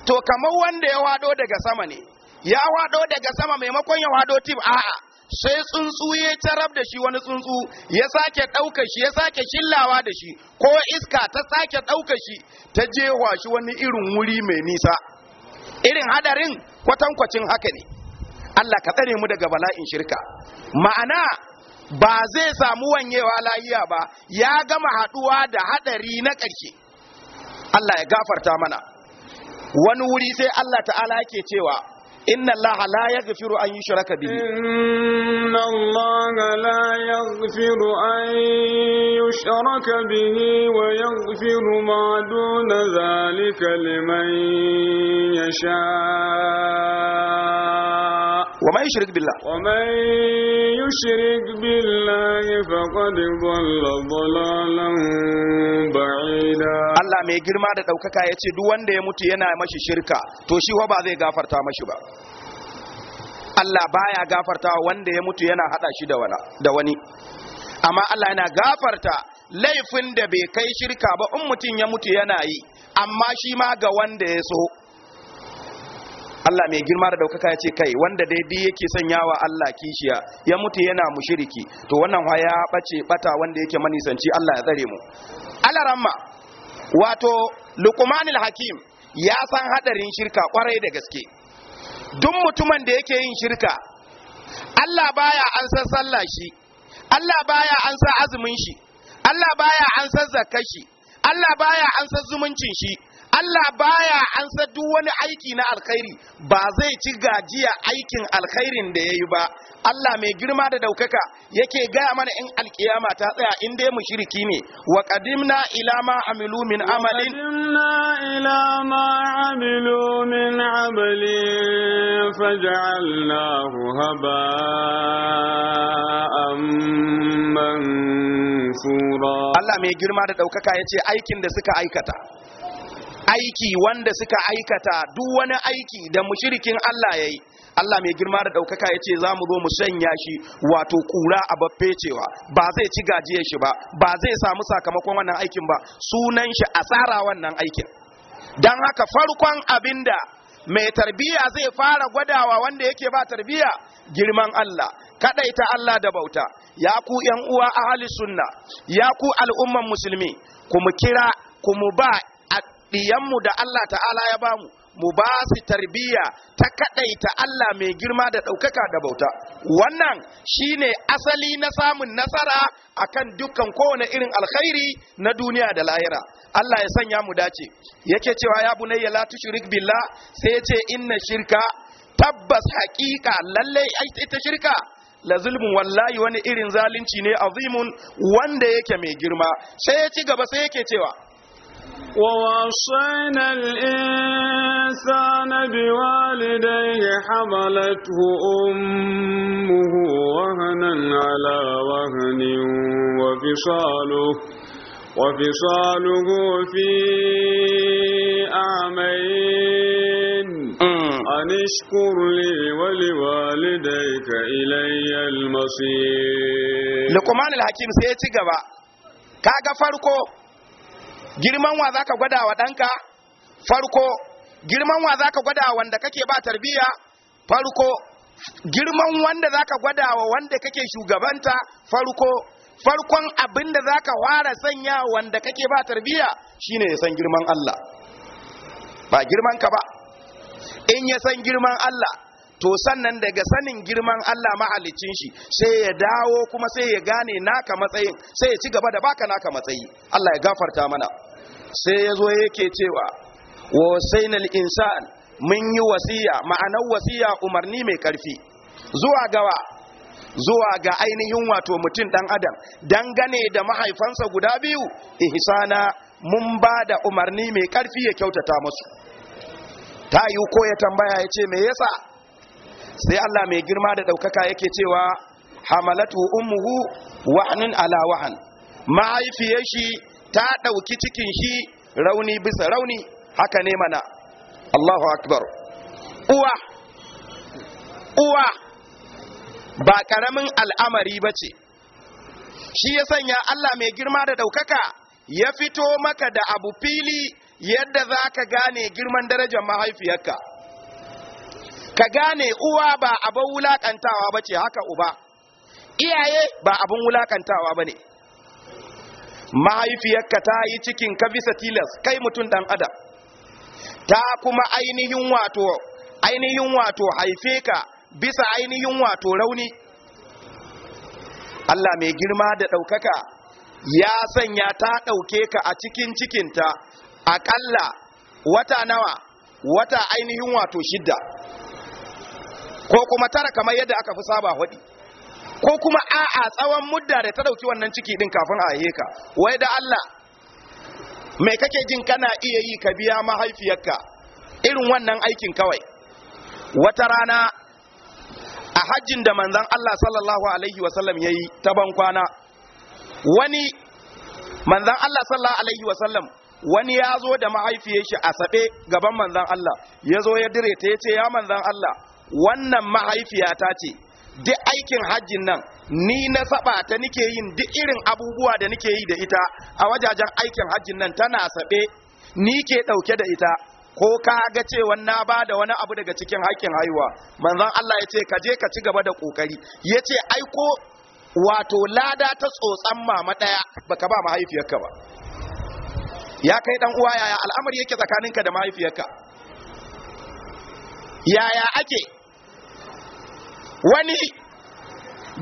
to kamar wanda ya wado daga sama ne ya wado daga sama maimakon ya wado tib a'a sai tsuntsu ya tarab da shi wani tsuntsu ya sake ɗaukar shi ya sake shillawa da shi ko iska ta sake ɗauka shi ta jewa shi wani irin wuri mai nisa irin hadarin kwatankwacin haka ne Allah ka tsare mu daga bala'in shirka ma'ana ba zai samu wanyewa lahiya ba ya gama haɗuwa da hadari na ƙarshe Allah ya gafarta mana wani wuri sai Allah ta'ala ke cewa inna allaha la yaghfiru an yushraka bihi inna allaha la yaghfiru an yushraka bihi wa yaghfiru ومن يشرك بالله ومن يشرك بالله فقد ضل ضلالا بعيدا Allah mai girma da daukaka yace duk wanda ya mutu yana mashi shirka to shi ba zai gafarta mashi ba Allah baya gafarta wanda ya mutu yana hada shi da wani da wani amma Allah yana gafarta laifin da bai kai shirka ba in mutum ya mutu yana yi amma shi ma ga wanda ya so Allah mai girma da daukaka ya ce kai wanda dai dai yake sanyawa Allah kishiya ya mutu yana mushiriki. to wannan wa ya bace bata wanda yake manisanci Allah ya tsare mu alaramma wato luqmanul hakim ya san hadarin shirka kwarai da gaske duk mutumin da yake yin shirka Allah baya an san sallah shi Allah baya an san azumin shi Allah baya an san zakashi shi Allah baya an san zumuncin shi Allah baya ansa duk wani aiki na alkhairi ba zai ci gajiya aikin alkhairin da ya yi ba Allah mai girma da daukaka yake gaya mana in alkiyama ta tsaya in dai mu shiriki ne wa qadimna ila ma amilu min amalin qadimna ila ma amilu min amalin faj'alnahu amman sura Allah mai girma da daukaka yace aikin da suka aikata aiki wanda suka aikata duk wani aiki da mushirikin Allah yayi Allah mai girma da daukaka yace mu zo mu sanya shi wato kura a baffecewa ba zai ci gajiyar shi ba ba zai samu sakamakon wannan aikin ba sunan shi a tsara wannan aikin dan haka farkon abinda mai tarbiyya zai fara gwadawa wanda yake ba tarbiyya, girman Allah kadaita Allah da bauta ya ku yan uwa ahli sunna ya ku al'umman musulmi kuma kira kuma ba ɗiyanmu da Allah ta'ala ya bamu mu ba su tarbiyya ta kaɗaita Allah mai girma da ɗaukaka da bauta wannan shine asali na samun nasara akan dukkan kowane irin alkhairi na duniya da lahira Allah ya sanya mu dace yake cewa ya bunayya la tushrik billah sai ya ce inna shirka tabbas haƙiƙa lalle ita shirka la zulmun wallahi wani irin zalunci ne azimun wanda yake mai girma sai ya ci gaba sai yake cewa ووصينا الإنسان بوالديه حملته أمه وهنا على وهن وفصاله وفصاله في أعمين أن اشكر لي ولوالديك إلي المصير لقمان الحكيم سيتي gaba kaga girman wa ka gwada wa ɗanka farko girman wa ka gwada wanda kake ba tarbiyya, farko girman wanda ka gwada wa wanda kake shugabanta farko farkon abin da ka wara sanya wanda kake ba tarbiyya shine ya san girman Allah ba girman ka ba in ya san girman Allah to sannan daga sanin girman Allah ma'alicin shi sai ya dawo kuma sai ya gane naka matsayin sai ya ci gaba da baka naka matsayi Allah ya gafarta mana sai ya zo yake cewa wa wasainal insan mun yi wasiya ma'anar wasiya umarni mai karfi zuwa gawa zuwa ga ainihin wato mutum dan adam dangane da mahaifansa guda biyu ihsana mun ba da umarni mai karfi ya kyautata musu ta yi ko ya tambaya ya ce me yasa sai Allah mai girma da ɗaukaka yake cewa hamalatu ummuhu wa'anin ala wahan mahaifiyar shi ta ɗauki cikin shi rauni bisa rauni haka ne mana Allahu akbar uwa uwa ba ƙaramin al'amari ba ce shi ya sanya Allah mai girma da ɗaukaka ya fito maka da abu fili yadda za ka gane girman darajar mahaifiyarka ka gane uwa ba abin wulaƙantawa ba ce haka uba iyaye ba abin wulaƙantawa ba ne mahaifiyarka ta yi cikin ka bisa tilas kai mutum dan adam ta kuma ainihin wato ainihin wato haife ka bisa ainihin wato rauni Allah mai girma da ɗaukaka ya sanya ta ɗauke ka a cikin cikinta aƙalla wata nawa wata ainihin wato shidda ko kuma tara kamar yadda aka fi saba hudi ko kuma a'a tsawon mudda da ta dauki wannan ciki din kafin a yi ka wai da Allah mai kake jin kana iya yi ka biya mahaifiyarka irin wannan aikin kawai wata rana a hajjin da Manzan Allah sallallahu alaihi wasallam yi ta bankwana wani Manzan Allah sallallahu alaihi wasallam wani ya zo da mahaifiyar shi a saɓe gaban manzan Allah ya zo ya dire ta ya ce ya manzan Allah wannan mahaifiyata ce duk aikin hajjin nan ni na saba ta nike yin duk irin abubuwa da nike yi da ita a wajajen aikin hajjin nan tana saɓe ni ke ɗauke da ita ko ka ga cewa na ba da wani abu daga cikin haƙƙin haihuwa manzon Allah ya ce ka je ka ci gaba da ƙoƙari ya ce ai wato lada ta tsotsan mama ɗaya baka ba mahaifiyarka ba ya kai dan uwa yaya al'amari yake tsakaninka da mahaifiyarka yaya ake wani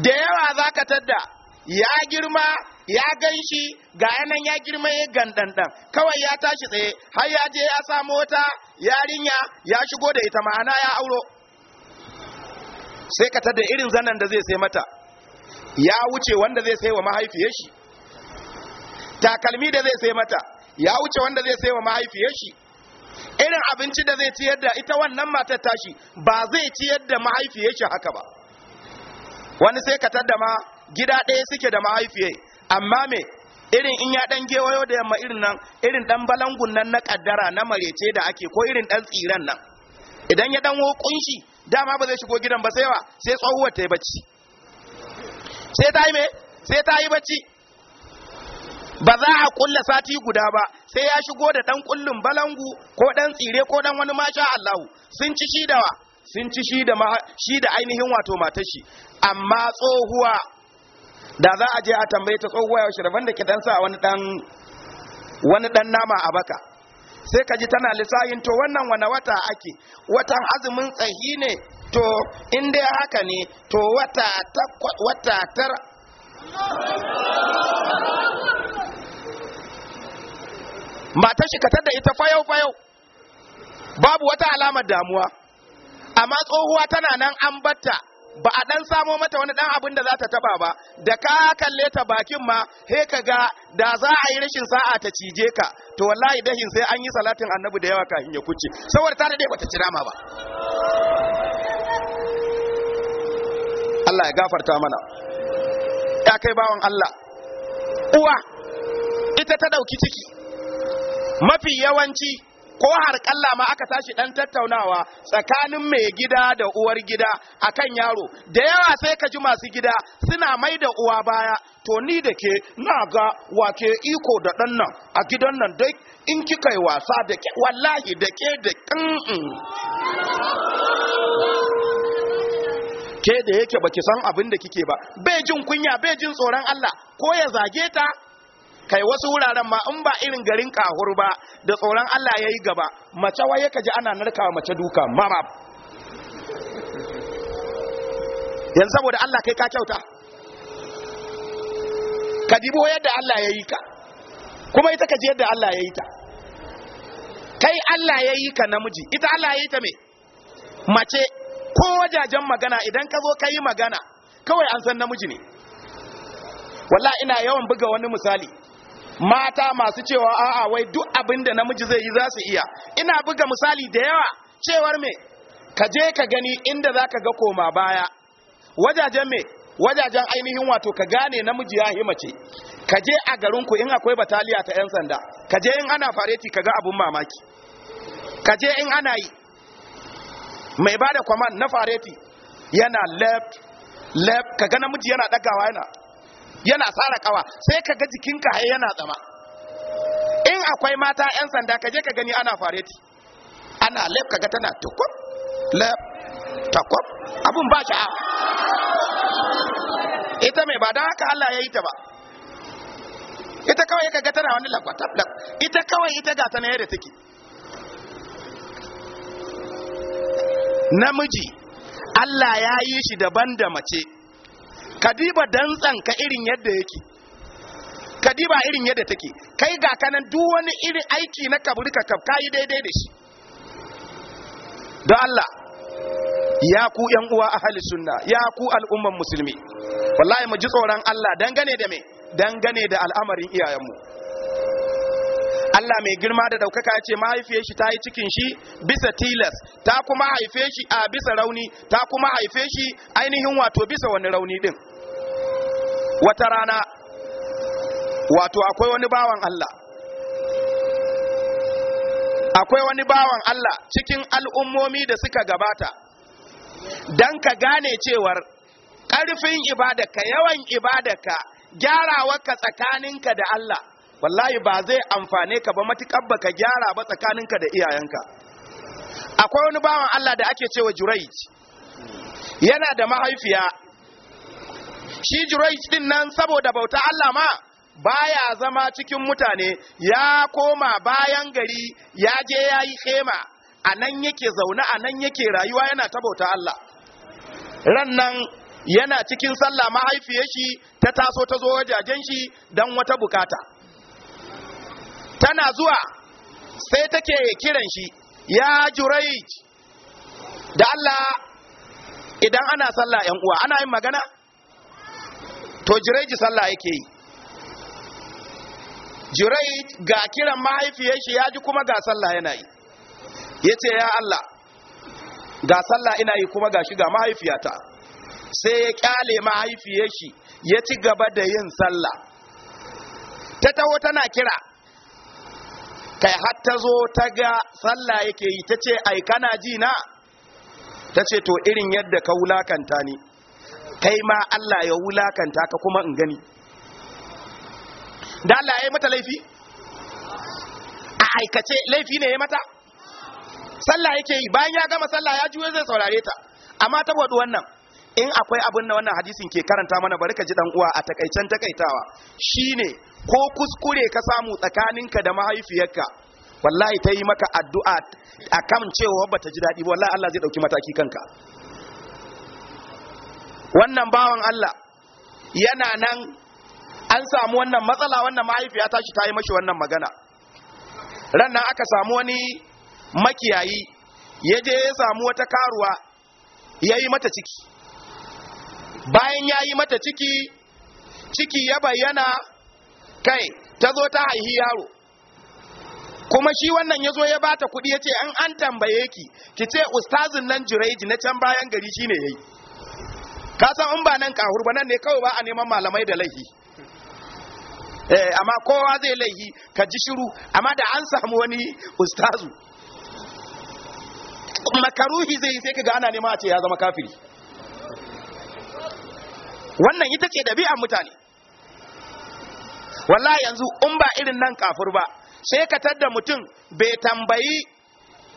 da yawa za ka tadda ya girma ya gan shi ga yanan ya girma ya gandandan kawai ya tashi tsaye har ya je ya samu wata yarinya ya shigo da ita ma'ana ya auro sai ka tadda irin zanen da zai sai mata ya wuce wanda zai sai wa mahaifiyar shi takalmi da zai sai mata ya wuce wanda zai sai wa mahaifiyar shi irin abinci da zai ciyar da ita wannan matar tashi ba zai ciyar da mahaifiyar shi haka ba wani sai ka tadda ma gida ɗaya suke da mahaifiyar amma me irin in ya dan gewayo da yamma irin nan irin dan balangun nan na kaddara na marece da ake ko irin dan tsiran nan idan ya dan wo dama ba zai shigo gidan ba sai wa sai tsohuwar ta yi bacci sai ta yi me sai ta yi bacci ba za a kulla sati guda ba sai ya shigo da dan kullun balangu ko dan tsire ko dan wani masha Allahu sun ci shi da sun ci shi da shi da ainihin wato matar shi amma tsohuwa da za a je a tambaye ta tsohuwa yaushe daban da kidan sa wani dan wani dan nama a baka sai ka ji tana lisayin to wannan wani wata ake watan azumin tsahi ne to in dai haka ne to wata wata tar matar shi katar da ita fayau fayau babu wata alamar damuwa amma tsohuwa tana nan an batta ba a dan samo mata wani dan abin da za ta taba ba da ka kalle ta bakin ma he ka ga da za a yi rashin sa'a ta cije ka to wallahi dahin sai an yi salatin annabi da yawa kafin ya kuce saboda ta dade bata ci nama ba Allah ya gafarta mana ya kai bawan Allah uwa ita ta dauki ciki mafi yawanci ko har kalla ma aka tashi ɗan tattaunawa tsakanin mai gida da uwar gida akan yaro da yawa sai ka ji masu gida suna mai da uwa baya to ni da ke na ga wake iko da ɗan nan a gidan nan dai in kika yi wasa da ke wallahi da ke da ke da yake baki san abin da kike ba bai jin kunya bai jin tsoron Allah ko ya zage ta kai wasu wuraren ma in ba irin garin kahur ba da tsoron Allah ya yi gaba mace waye ka ji ana narkawa mace duka mama yanzu saboda Allah kai ka kyauta ka dibo yadda Allah ya yi ka kuma ita ka ji yadda Allah ya yi ta kai Allah ya yi ka namiji ita Allah ya yi ta me mace ko wajajen magana idan ka zo ka yi magana kawai an san namiji ne wallahi ina yawan buga wani misali mata masu cewa a'a wai duk abin da namiji zai yi za su iya ina buga misali da yawa cewar me ka je ka gani inda za ka ga koma baya wajajen me wajajen ainihin wato ka gane namiji ya mace ka je a garinku in akwai bataliya ta 'yan sanda ka je in ana fareti ka ga abin mamaki ka je in ana yi mai ba da kwaman na fareti yana left left ka ga namiji yana dagawa yana yana tsara kawa sai ka ga jikinka hai yana zama in akwai mata 'yan sanda ka je ka gani ana fareti ana lef ka ga tana takwam lef takwam abun ba a, ita mai ba don haka Allah ya yi ta ba ita kawai ya kaga tana wani lakwatab lak ita kawai ita ga ta na yadda take namiji Allah ya yi shi daban da mace kadiba dantsan ka irin yadda yake kadiba irin yadda take kai ga kanan duk wani irin aiki na kaburi ka kaf kai daidai da shi don Allah ya ku yan uwa ahli sunna ya ku al'umman musulmi wallahi mu ji tsoron Allah dangane da me dangane da al'amarin iyayenmu Allah mai girma da ɗaukaka ya ce mahaifiyar shi ta yi cikin shi bisa tilas ta kuma haife shi a bisa rauni ta kuma haife shi ainihin wato bisa wani rauni din wata rana wato akwai wani bawan Allah akwai wani bawan Allah cikin al'ummomi da suka gabata don ka gane cewar ƙarfin ibadaka yawan ibadaka ka tsakaninka da Allah wallahi ba zai amfane ka ba matukar ka gyara ba tsakaninka da iyayenka akwai wani bawan Allah da ake cewa jurait yana da mahaifiya shi jurait din nan saboda bauta Allah ma baya zama cikin mutane ya koma bayan gari ya je ya yi khema a nan yake zaune a nan yake rayuwa yana ta bauta Allah ran nan yana cikin sallah mahaifiyar shi ta taso ta zo wajajen shi don wata bukata tana zuwa sai take kiran shi ya juraij da Allah idan ana sallah yan uwa ana yin magana to juraij sallah yake yi juraij ga kiran mahaifiyar shi ya ji kuma ga sallah yana yi yace ya Allah ga sallah ina yi kuma ga shi ga mahaifiyata sai ya kyale mahaifiyar shi ya ci gaba da yin sallah ta taho tana kira kai har ta zo ta ga sallah yake yi ta ce ai kana ji na ta ce to irin yadda ka wulakanta ni kai ma Allah ya wulakanta ka kuma in gani da Allah ya yi mata laifi a aikace laifi ne ya mata sallah yake yi bayan ya gama sallah ya juyo zai saurare ta amma ta wadu wannan in akwai abin da wannan hadisin ke karanta mana bari ka ji dan uwa a takaicen takaitawa shine ko kuskure ka samu tsakaninka da mahaifiyarka wallahi ta yi maka addu'a a kan cewa ba ta ji daɗi ba wallahi Allah zai ɗauki mataki kanka wannan bawan Allah yana nan an samu wannan matsala wannan mahaifiya ta shi ta yi mashi wannan magana rannan aka samu wani makiyayi ya je ya samu wata karuwa ya yi mata ciki bayan ya yi mata ciki ciki ya bayyana kai ta zo ta haihi yaro kuma shi wannan ya zo ya bata kuɗi ya ce an an tambaye ki ki ce ustazin nan jiraiji na can bayan gari shine yayi ka san in ba nan kahur ba nan ne kawai ba a neman malamai da laihi eh amma kowa zai laihi ka ji shiru amma da an samu wani ustazu makaruhi zai yi sai ka ga ana nema a ce ya zama kafiri wannan ita ce ɗabi'an mutane Wala yanzu in ba irin nan kafur ba sai ka tadda mutum bai tambayi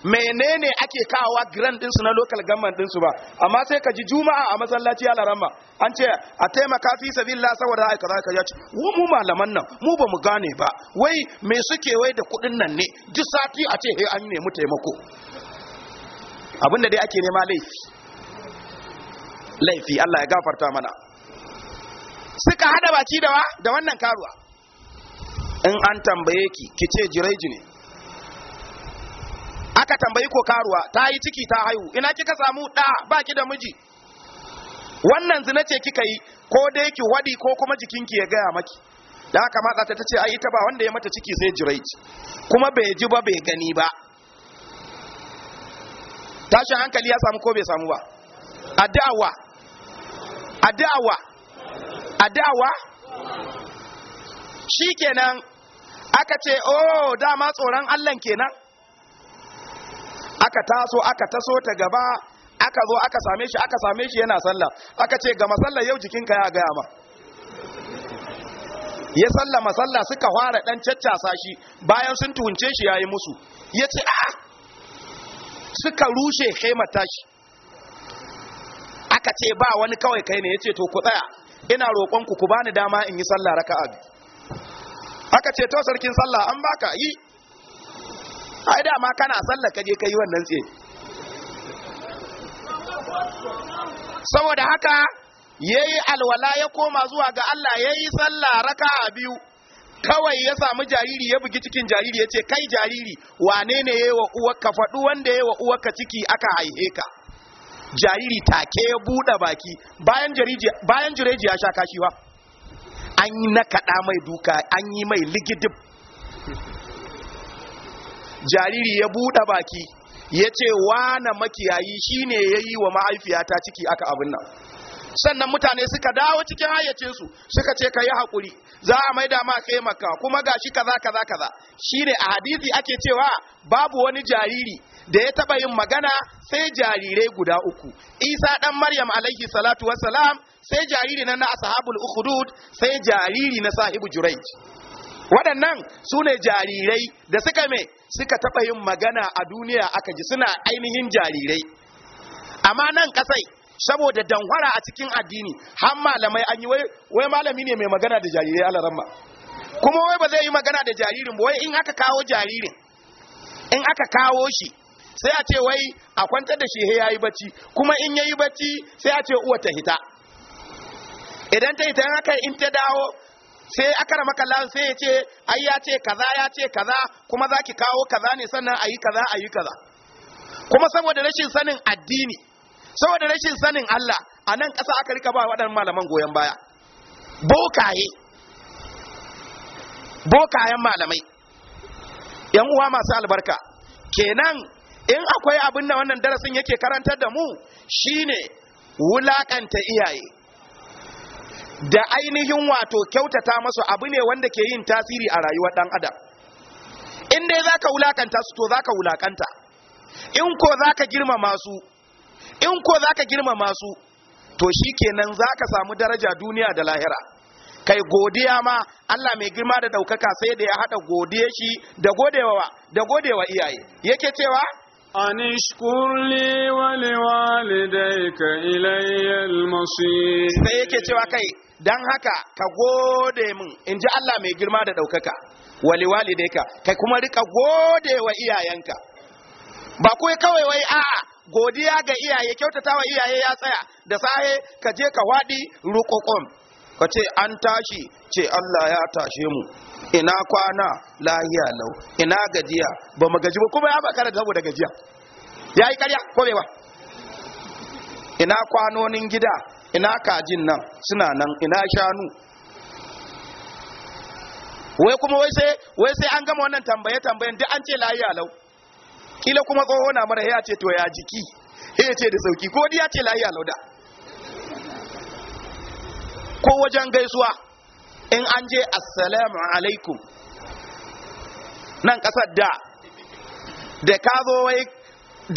menene ake kawowa grand din su na local government su ba amma sai ka ji juma'a a masallaci ya larama an ce a taimaka fi sabilla saboda ai kaza ka yace. wo mu malaman nan mu ba mu gane ba wai me suke wai da kudin nan ne duk sati a ce he an nemi taimako abinda dai ake nema laifi laifi Allah ya gafarta mana suka hada baki da da wannan karuwa in an tambaye ki ki ce jiraiji ne aka tambayi ko karuwa ta yi ciki ta haihu ina kika samu ɗa ba ki da miji wannan zina ce kika yi ko dai ki waɗi ko kuma jikinki ya gaya maki da aka matsa ta ce ai ita ba wanda ya mata ciki sai jiraiji kuma bai ji ba bai gani ba tashin hankali ya samu ko bai samu ba addu'awa addu'awa addu'awa shikenan aka ce o oh, dama tsoron Allah kenan aka taso aka taso ta gaba aka zo aka same shi aka same shi yana sallah aka ce ga masallar yau jikinka ya gaya ma ya sallama sallah suka fara dan caccasa shi bayan sun tuhunce shi yayi musu ya ce a suka rushe khaimata shi aka ce ba wani kawai kai ne ya ce to ku tsaya ina roƙonku ku bani dama in yi sallah raka'a aka ce to sarkin sallah an baka yi ai dama kana sallah kaje kai wannan tse saboda haka yayi alwala ya koma zuwa ga Allah yayi sallah raka'a biyu kawai ya samu jariri ya bugi cikin jariri ya ce kai jariri wane ne ya wa uwarka faɗu wanda ya yi wa uwarka ciki aka haihe ka jariri take ya buɗe baki bayan jureji ya sha kashiwa an yi nakaɗa mai duka an yi mai ligidib jariri ya buɗe baki ya ce wane makiyayi shi ne ya yi wa ma'aifiyata ciki aka abin nan sannan mutane suka dawo cikin hayyacinsu suka ce ka yi haƙuri za a maida ma yi maka kuma gashi kaza kaza kaza ne a hadisi ake cewa babu wani jariri da ya taɓa yin magana sai jarirai guda uku isa ɗan maryam alaihi salatu wassalam sai jariri na na ashabul ukhdud sai jariri na sahibu jurayj waɗannan su ne jarirai da suka me suka taɓa yin magana a duniya aka ji suna ainihin jarirai amma nan kasai saboda danhwara a cikin addini har malamai an yi wai malami ne mai magana da jarirai alaramma kuma wai ba zai yi magana da jaririn ba wai in aka kawo jaririn in aka kawo shi sai a ce wai a kwantar da shi yayi bacci kuma in yayi bacci sai a ce uwa ta hita idan ta hita haka in ta dawo sai aka rama kallon sai ya ce ai ya ce kaza ya ce kaza kuma za ki kawo kaza ne sannan ayi kaza ayi kaza kuma saboda rashin sanin addini saboda rashin sanin Allah a nan ƙasa aka rika ba waɗannan malaman goyon baya bokaye bokayen malamai yan uwa masu albarka kenan in akwai abin da wannan darasin yake karantar da mu shine wulakanta iyaye da ainihin wato kyautata masu abu ne wanda ke yin tasiri a rayuwar dan adam in dai zaka wulakanta su to zaka wulakanta in ko zaka girmama su in ko zaka girmama su to shikenan zaka samu daraja duniya da lahira kai godiya ma Allah mai girma da daukaka sai da ya hada godiye shi da godewa da godewa iyaye yake cewa أن اشكر لي ولوالديك إلي المصير سيكي تواكي دان هكا كغودي من إن جاء الله مي مادة دوكك ولوالديك كي كما ريكا غودي وإيا ينكا باكوي كوي وإيا غودي godiya إيا يكيو تتاوى إيا يا سيا tsaya da وادي ka je ka waɗi rukukun ka ce an tashi ce Allah ya tashe mu ina kwana lahiya lau ina gajiya ba mu gaji ba kuma ya ba karanta saboda gajiya ya yi karya ko bai ba ina kwanonin gida ina kajin nan suna nan ina shanu wai kuma wai sai wai sai an gama wannan tambaye tambayen duk an ce lahiya lau kila kuma tsoho na mara ya ce to ya jiki ya ce da sauki ko ya ce lahiya lau da ko wajen gaisuwa in an je assalamu alaikum nan kasar da da ka zo wai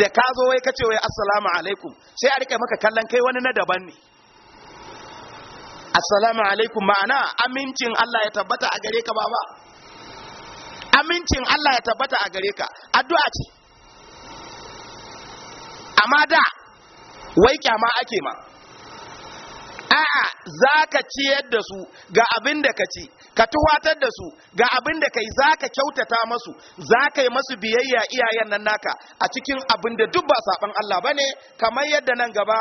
ka ce wai kace wai assalamu alaikum sai a rike maka kallon kai wani na daban ne assalamu alaikum ma'ana amincin Allah ya tabbata a gare ka baba amincin Allah ya tabbata a gare ka addu'a ce amma da wai kyama ake ma a'a za ka ciyar da su ga abin da ka ci ka tuwatar da su ga abin da kai za ka kyautata masu za ka yi masu biyayya iyayen nan naka a cikin abin da duk ba Allah ba ne kamar yadda nan gaba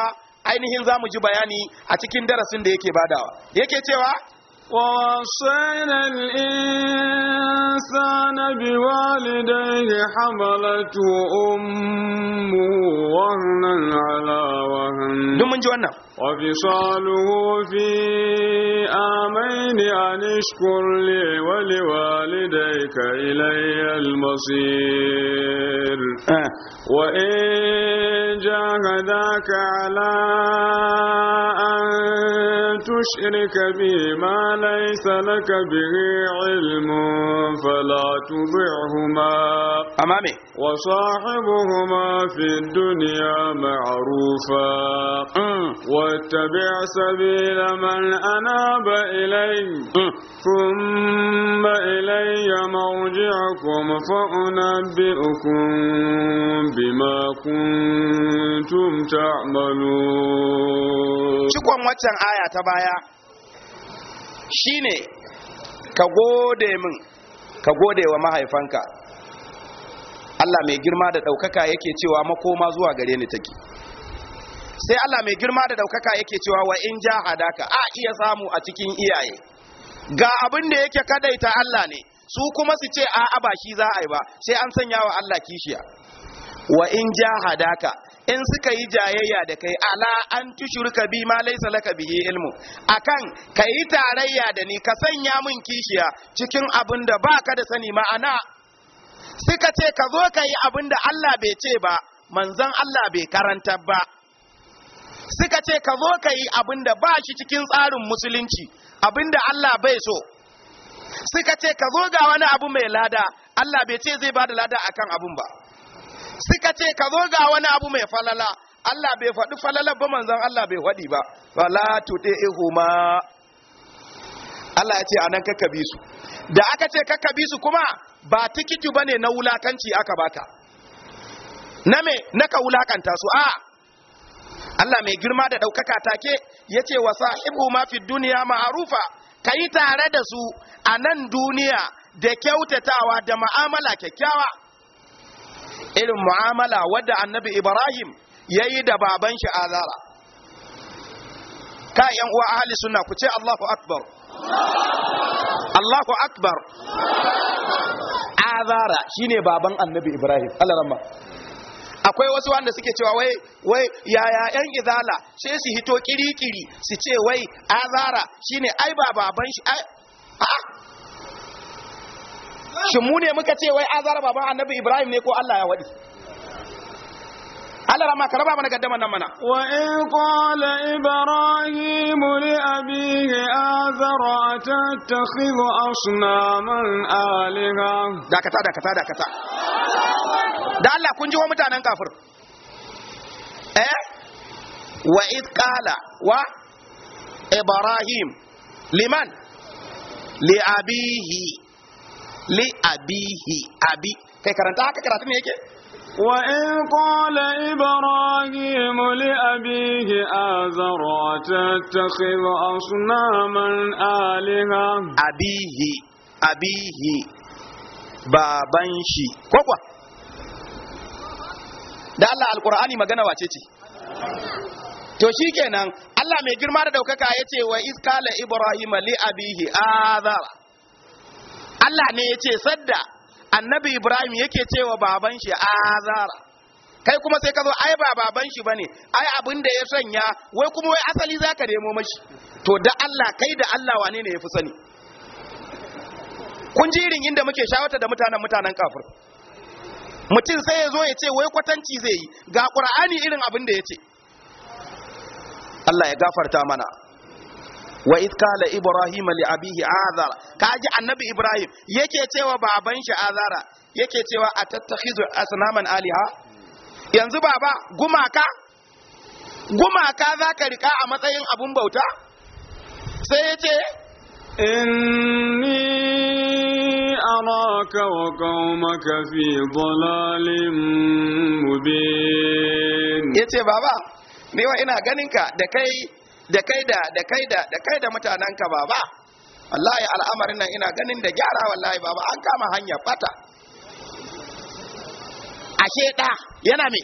ainihin za mu ji bayani a cikin darasin da yake badawa yake cewa ووصينا الإنسان بوالديه حملته أمه وهنا على وهن وفصاله في آمين أن اشكر لي ولوالديك إلي المصير آه. وإن جاهداك على أن تشرك بي ما ليس لك به علم فلا تضعهما أمامي وصاحبهما في الدنيا معروفا واتبع سبيل من أناب إلي ثم إلي مرجعكم فأنبئكم بما كنتم تعملون شكوا واتسان آية تبايا شيني كغودي من كغودي وما هي فانكا Allah mai girma da ɗaukaka yake cewa makoma zuwa gare ni take. sai Allah mai girma da daukaka yake cewa wa in ja-hadaka, a iya samu a cikin iyaye ga abin da yake kadaita Allah ne su kuma su ce a'a ba shi za a yi ba sai an sanya wa Allah kishiya wa in ja-hadaka, in suka yi jayayya da kai ala an tushurka bi ma laisa laka bihi ilmu akan kai tarayya da ni ka sanya min kishiya cikin abin da baka da sani ma'ana suka ce ka zo ka yi abin da Allah bai ce ba manzon Allah bai karanta ba suka ce ka zo ka yi abin da ba shi cikin tsarin musulunci abin da Allah bai so suka ce ka zo ga wani abu mai lada Allah bai ce zai ba da lada akan abun ba suka ce ka zo ga wani abu mai falala Allah bai faɗi falala ba manzon Allah bai faɗi ba fala tuɗe ihuma Allah ya ce anan ka kabi su da aka ce kabi su kuma ba tikiti bane na wulakanci aka baka na me naka wulakanta su a Allah mai girma da ɗaukaka take ya ce wa sahibu mafi duniya ma'arufa ka yi tare da su a nan duniya da kyautatawa da ma'amala kyakkyawa irin mu'amala wadda annabi ibrahim ya yi da baban shi azara ka yan uwa ahli suna ku ce allahu akbar allahu akbar azara shine baban annabi ibrahim allah akwai wasu wanda suke cewa wai wai yaya yan izala sai su hito kirikiri su ce wai azara shine ai ba baban shi ai shin mu ne muka ce wai azara baban annabi ibrahim ne ko allah ya wadi Allah rama karaba mana gaddama nan mana wa in qala ibrahim li abihi azara atattakhidhu asnaman alaha dakata dakata dakata da Allah kun ji wa mutanen kafir eh wa id qala wa ibrahim liman li abihi li abihi abi kai karanta haka karatu ne yake qala ibrahim li abihi آزر أتتخذ asnaman alaha Abihi. Abihi. baban shi kwakwa da Allah alkur'ani magana wace ce to shikenan Allah mai girma da daukaka yace wa iz qala ibrahima li abihi azara Allah ne yace sadda annabi ibrahim yake cewa baban shi azara kai kuma sai ka zo ai ba baban shi bane ai abin da ya sanya wai kuma wai asali zaka nemo mashi to da Allah kai da Allah wane ne yafi sani kun ji irin inda muke shawata da mutanen mutanen kafir mutum sai ya zo ya ce wai kwatanci zai yi ga ƙura'ani irin abin da ya ce Allah ya gafarta mana wa iskala ibrahim li abihi azara kaji annabi ibrahim yake cewa baban shi azara yake cewa atattakhizu asnaman aliha yanzu baba gumaka gumaka zaka rika a matsayin abun bauta sai yace inni أراك وقومك في ضلال مبين يتي بابا نيوا إنا غنينك دكاي da kai da da kai da متانانك baba. wallahi al'amarin nan ina ganin da gyara wallahi baba an kama hanya fata. ashe da yana me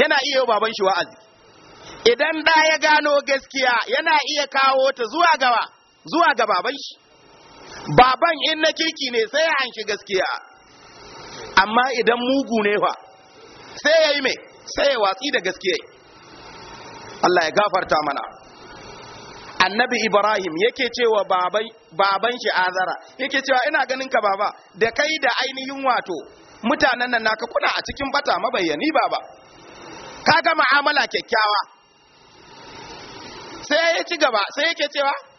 yana iya yau baban shi wa'azi idan da ya gano gaskiya yana iya kawo ta zuwa gaba zuwa ga baban shi baban in na kirki ne sai ya hanshi gaskiya amma idan mugu ne fa sai ya yi mai sai ya watsi da gaskiya Allah ya gafarta mana annabi ibrahim yake cewa baban shi azara yake cewa ina ganin ka baba da kai da ainihin wato mutanen nan naka kuna a cikin bata mabayyani baba ka ga ma'amala kyakkyawa sai ya ci gaba sai yake cewa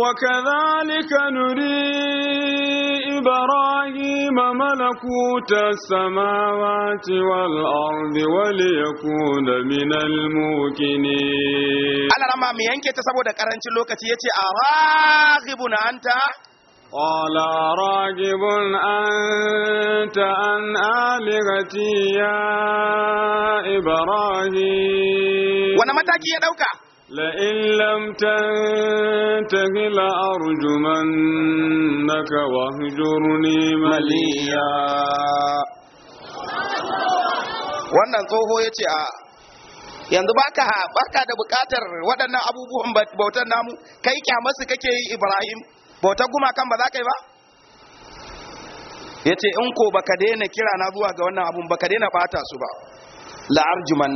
وكذلك نري إبراهيم ملكوت السماوات والأرض وليكون من الموكنين أنا رمى ميانك تسابو دا كارنشي لوكتي يتي أراغب أنت قال راغب أنت عن آلهتي يا إبراهيم ونمتاكي متاكي لئن لم تنته لأرجمنك واهجرني مليا wannan tsoho ya ce a yanzu baka baka da bukatar waɗannan abubuwan bautar namu kai kyamarsu kake yi ibrahim bautar gumakan ba za ka yi ba ya ce in ko baka daina kira na zuwa ga wannan abun baka daina bata su ba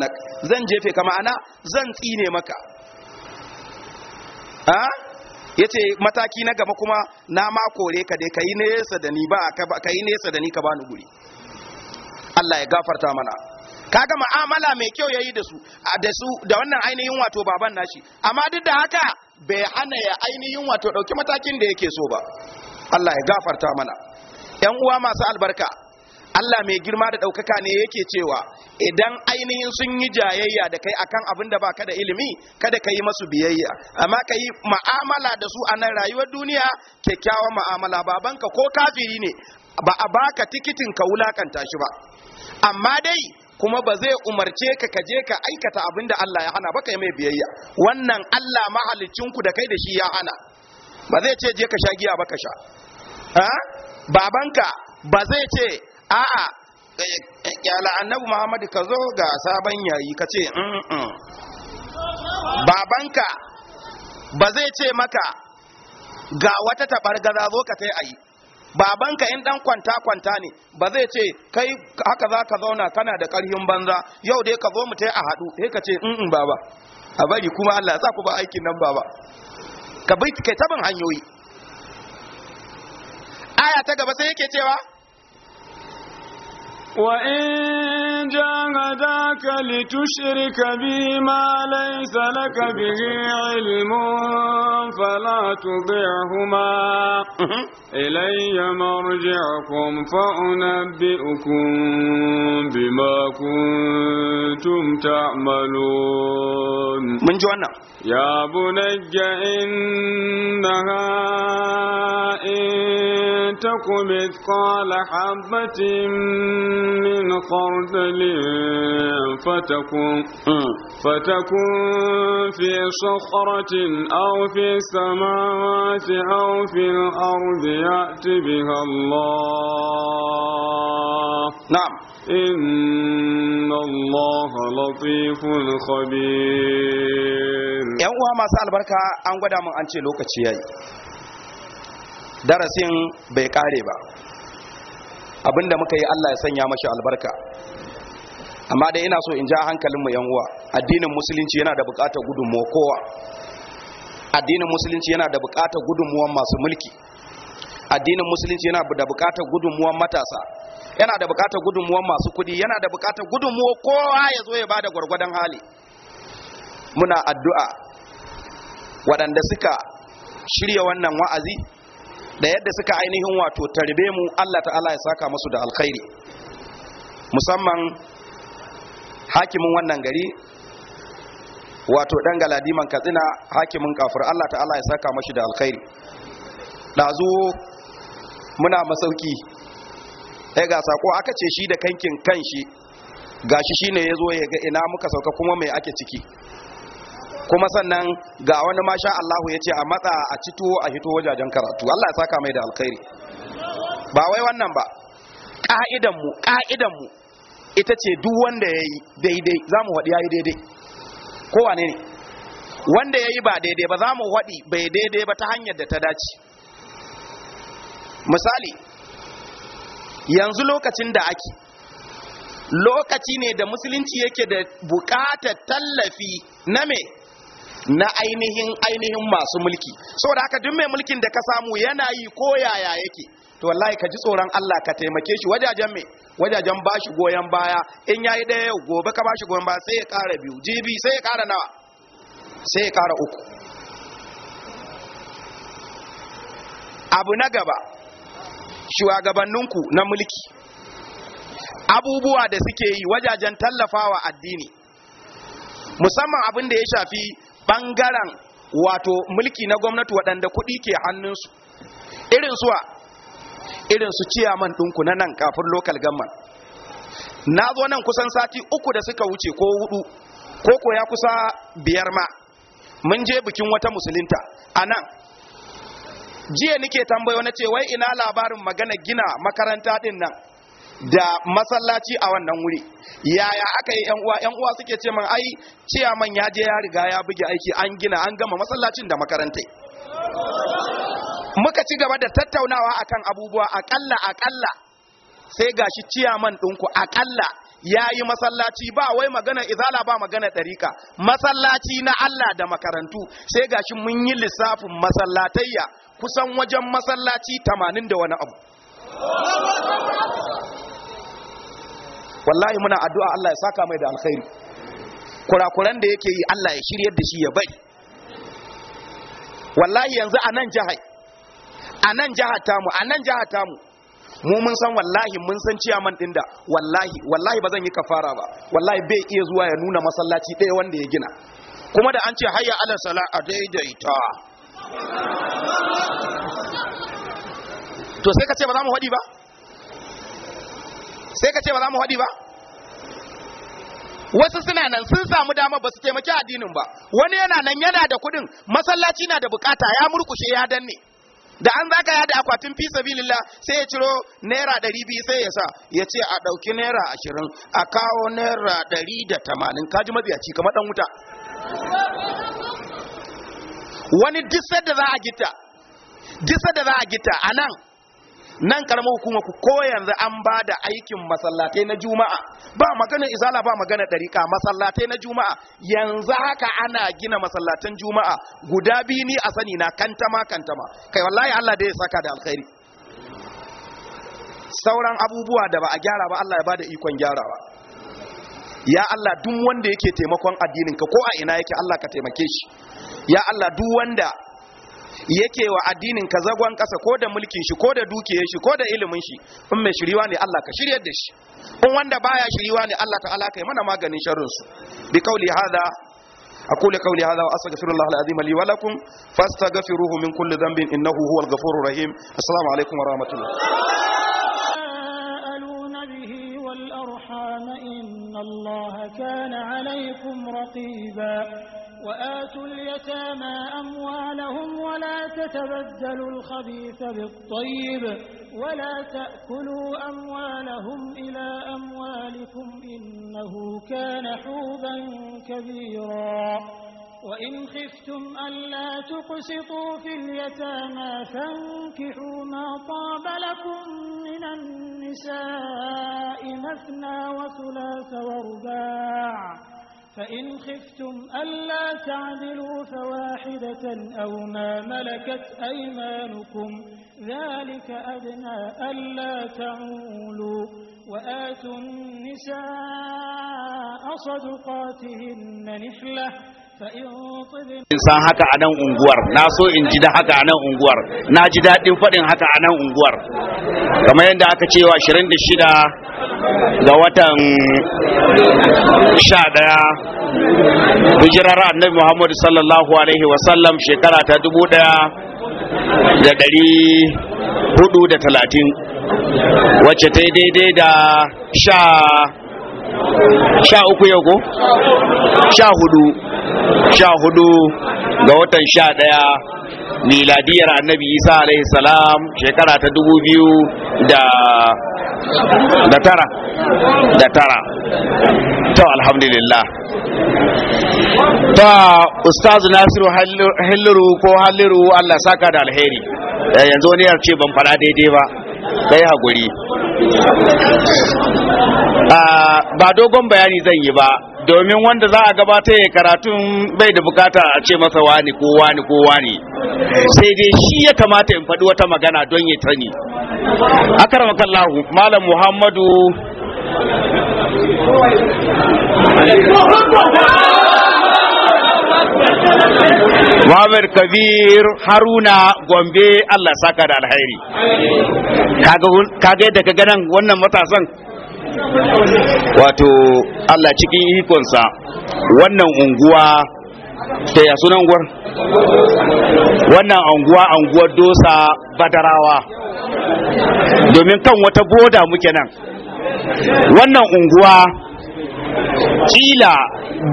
na zan jefe ka ma'ana zan tsine maka ya ce mataki na gaba kuma na ma kore ka dai ka yi nesa da ni ba ka yi nesa da ni ka bani guri Allah ya gafarta mana kaga ma'amala mai kyau yayi da su da su da wannan ainihin wato baban nashi amma duk da haka bai hana ya ainihin wato dauki matakin da yake so ba Allah ya gafarta mana yan uwa masu albarka Allah mai girma da ɗaukaka ne yake cewa idan ainihin sun yi jayayya da kai akan abin da ba ka da ilimi kada ka yi masu biyayya amma ka yi ma'amala da su a nan rayuwar duniya kyakkyawan ma'amala babanka ko kafiri ne ba a baka tikitin ka wulakanta shi ba amma dai kuma ba zai umarce ka ka je ka aikata abin da Allah ya hana ba kai mai biyayya wannan Allah ku da kai da shi ya hana ba zai ce je ka sha giya ba ka sha ah? babanka ba zai ce a'a kyala eh, eh, annabi muhammadu ka zo ga sabon yayi ka ce babanka ba zai ce maka ga wata tabargaza zo ka tai ayi babanka in dan kwanta kwanta ne ba zai ce kai haka za ka zauna kana da karhin banza yau dai ka zo mu tai a haɗu sai ka ce in baba a bari kuma Allah ya sa ba aikin nan baba ka bai kai tabin hanyoyi aya ta gaba sai yake cewa وإن جاهداك لتشرك بي ما ليس لك به علم فلا تطعهما إلي مرجعكم فأنبئكم بما كنتم تعملون من جوانا يا بني إنها إن تك مثقال حبة من خردل فتكون فتكون في صخرة أو في السماوات أو في الأرض يأت بها الله نعم إن الله لطيف خبير يا uwa ما سأل بركة أنقدام أنت an ce lokaci yayi darasin abinda muka yi Allah ya sanya mashi albarka amma dai ina so in ja hankalin mu yan uwa addinin musulunci yana da bukatar gudunmuwa kowa addinin musulunci yana da bukatar gudunmuwan masu mulki addinin musulunci yana da bukatar gudunmuwan matasa yana da bukatar gudunmuwan masu kudi yana da bukatar gudunmuwa kowa ya zo ya bada gwargwadon hali muna addu'a waɗanda suka shirya wannan wa'azi da yadda suka ainihin wato tarbe mu Allah ta'ala ya saka musu da alkhairi musamman hakimin wannan gari wato dan galadiman katsina hakimin kafur, Allah ta'ala ya saka mashi da alkhairi dazu muna masauki ya ga sako aka ce shi da kankin kanshi gashi shi yazo ya ga ina muka sauka kuma mai ake ciki kuma sannan ga wani masha Allahu ya ce a matsa a cito a hito wajajen karatu Allah ya saka mai da alkhairi ba wai wannan ba Ka'idanmu ƙa'idanmu ita ce duk wanda ya yi daidai za mu waɗi ya yi daidai kowane ne wanda ya yi ba daidai ba za mu waɗi bai daidai ba ta hanyar da ta dace misali yanzu lokacin da ake lokaci ne da musulunci yake da bukatar tallafi na me na ainihin ainihin masu mulki saboda haka duk mai mulkin da ka samu yana yi ko yaya yake to wallahi ka ji tsoron Allah ka taimake shi wajajen me wajajen bashi goyen baya in yayi da yau gobe ka bashi goyen baya sai ya kara biyu jibi sai ya kara nawa sai ya kara uku abu na gaba shugabanninku na mulki abubuwa da suke yi wajajen tallafawa addini musamman abin da ya shafi ɓangaren wato mulki na gwamnati waɗanda kuɗi ke hannunsu irin suwa irin su ciyaman ɗinku na nan kafin lokal gamman na zo nan kusan sati uku da suka wuce ko hudu ko ko ya kusa biyar ma mun je bikin wata musulunta a nan jiya nike tambayo na ce wai ina labarin magana gina makaranta din nan da masallaci a wannan wuri yaya aka yi yan uwa yan uwa suke ce man ai man ya je ya riga ya buge aiki an gina an gama masallacin da makarantai muka ci gaba da tattaunawa akan abubuwa akalla akalla sai gashi ciya man ɗinku akalla ya yi masallaci ba wai magana izala ba magana ɗarika masallaci na Allah da makarantu sai gashi mun yi lissafin masallatayya kusan wajen masallaci tamanin da wani abu wallahi muna addu'a Allah ya saka mai da alkhairi kurakuran da yake yi Allah ya shiryar da shi ya bai wallahi yanzu a nan jihar a nan jihar tamu a nan jihar tamu mu mun san wallahi mun san ciyaman din da wallahi wallahi ba zan yi kafara ba wallahi bai iya zuwa ya nuna masallaci ɗaya wanda ya gina kuma da an ce hayya ala sala a daidaita to sai ka ce ba za mu haɗi ba sai ka ce ba za mu haɗi ba wasu suna nan sun samu dama ba su taimaki addinin ba wani yana nan yana da kuɗin masallaci na da bukata ya murkushe ya danne da an zaka ya da akwatin fi sabilillah sai ya ciro naira ɗari biyu sai ya sa ya ce a ɗauki naira ashirin a kawo naira ɗari da tamanin kaji mabiyaci kamar ɗan wuta wani disar da za a gita disar da za a gita a nan nan karamar hukuma ku ko yanzu an ba da aikin masallatai na juma'a ba maganar izala ba magana ɗariƙa masallatai na juma'a yanzu haka ana gina masallatan juma'a guda biyu ni a sani na kantama kantama kai wallahi Allah da ya saka da alkhairi sauran abubuwa da ba a gyara ba Allah ya bada ikon gyarawa ya Allah duk wanda yake taimakon addinin ka ko a ina yake Allah ka taimake shi ya Allah duk wanda yake wa addinin ka zagon kasa ko da mulkin shi ko da dukiyar shi ko da ilimin shi in mai shiriwa ne Allah ka shiryar da shi in wanda baya shiriwa ne Allah ta alaka mana maganin sharrin su bi kauli hada أقول قولي هذا وأستغفر الله العظيم لي ولكم فاستغفروه من كل ذنب إنه هو الغفور الرحيم السلام عليكم ورحمة الله إن الله كان عليكم رقيبا وآتوا اليتامى أموالهم ولا تتبدلوا الخبيث بالطيب ولا تأكلوا أموالهم إلى أموالكم إنه كان حوبا كبيرا وإن خفتم ألا تقسطوا في اليتامى فانكحوا ما طاب لكم من النساء مثنى وثلاث ورباع فإن خفتم ألا تعدلوا فواحدة أو ما ملكت أيمانكم ذلك أدنى ألا تعولوا وآتوا النساء صدقاتهن نحلة in san haka a nan unguwar na so in ji da haka a nan unguwar na ji daɗin faɗin haka a nan unguwar kamar yadda aka cewa 26 ga watan 11 hijirar annabi muhammadu sallallahu alaihi wasallam shekara ta 1430 wacce ta daidai da sha sha uku yau ko sha hudu sha hudu ga watan sha daya miladiyar annabi isa alaihi salam shekara ta dubu biyu da da tara da tara ta alhamdulillah ta ustazu nasiru halliru ko halliru allah saka da alheri eh, yanzu wani yarce ban fara daidai ba kai haguri ba dogon bayani zan yi ba domin wanda za a gabata ya karatun bai da bukata a ce masa wani ko wani ko wani sai dai shi ya kamata in faɗi wata magana don ya tani akaramakallahu malam muhammadu Muhammad Kabir Haruna Gombe Allah saka da alhairi. kaga yadda ka wannan matasan wato Allah cikin ikonsa wannan unguwa ta ya sunan gwar wannan anguwa unguwar dosa badarawa domin kan wata boda muke nan wannan unguwa kila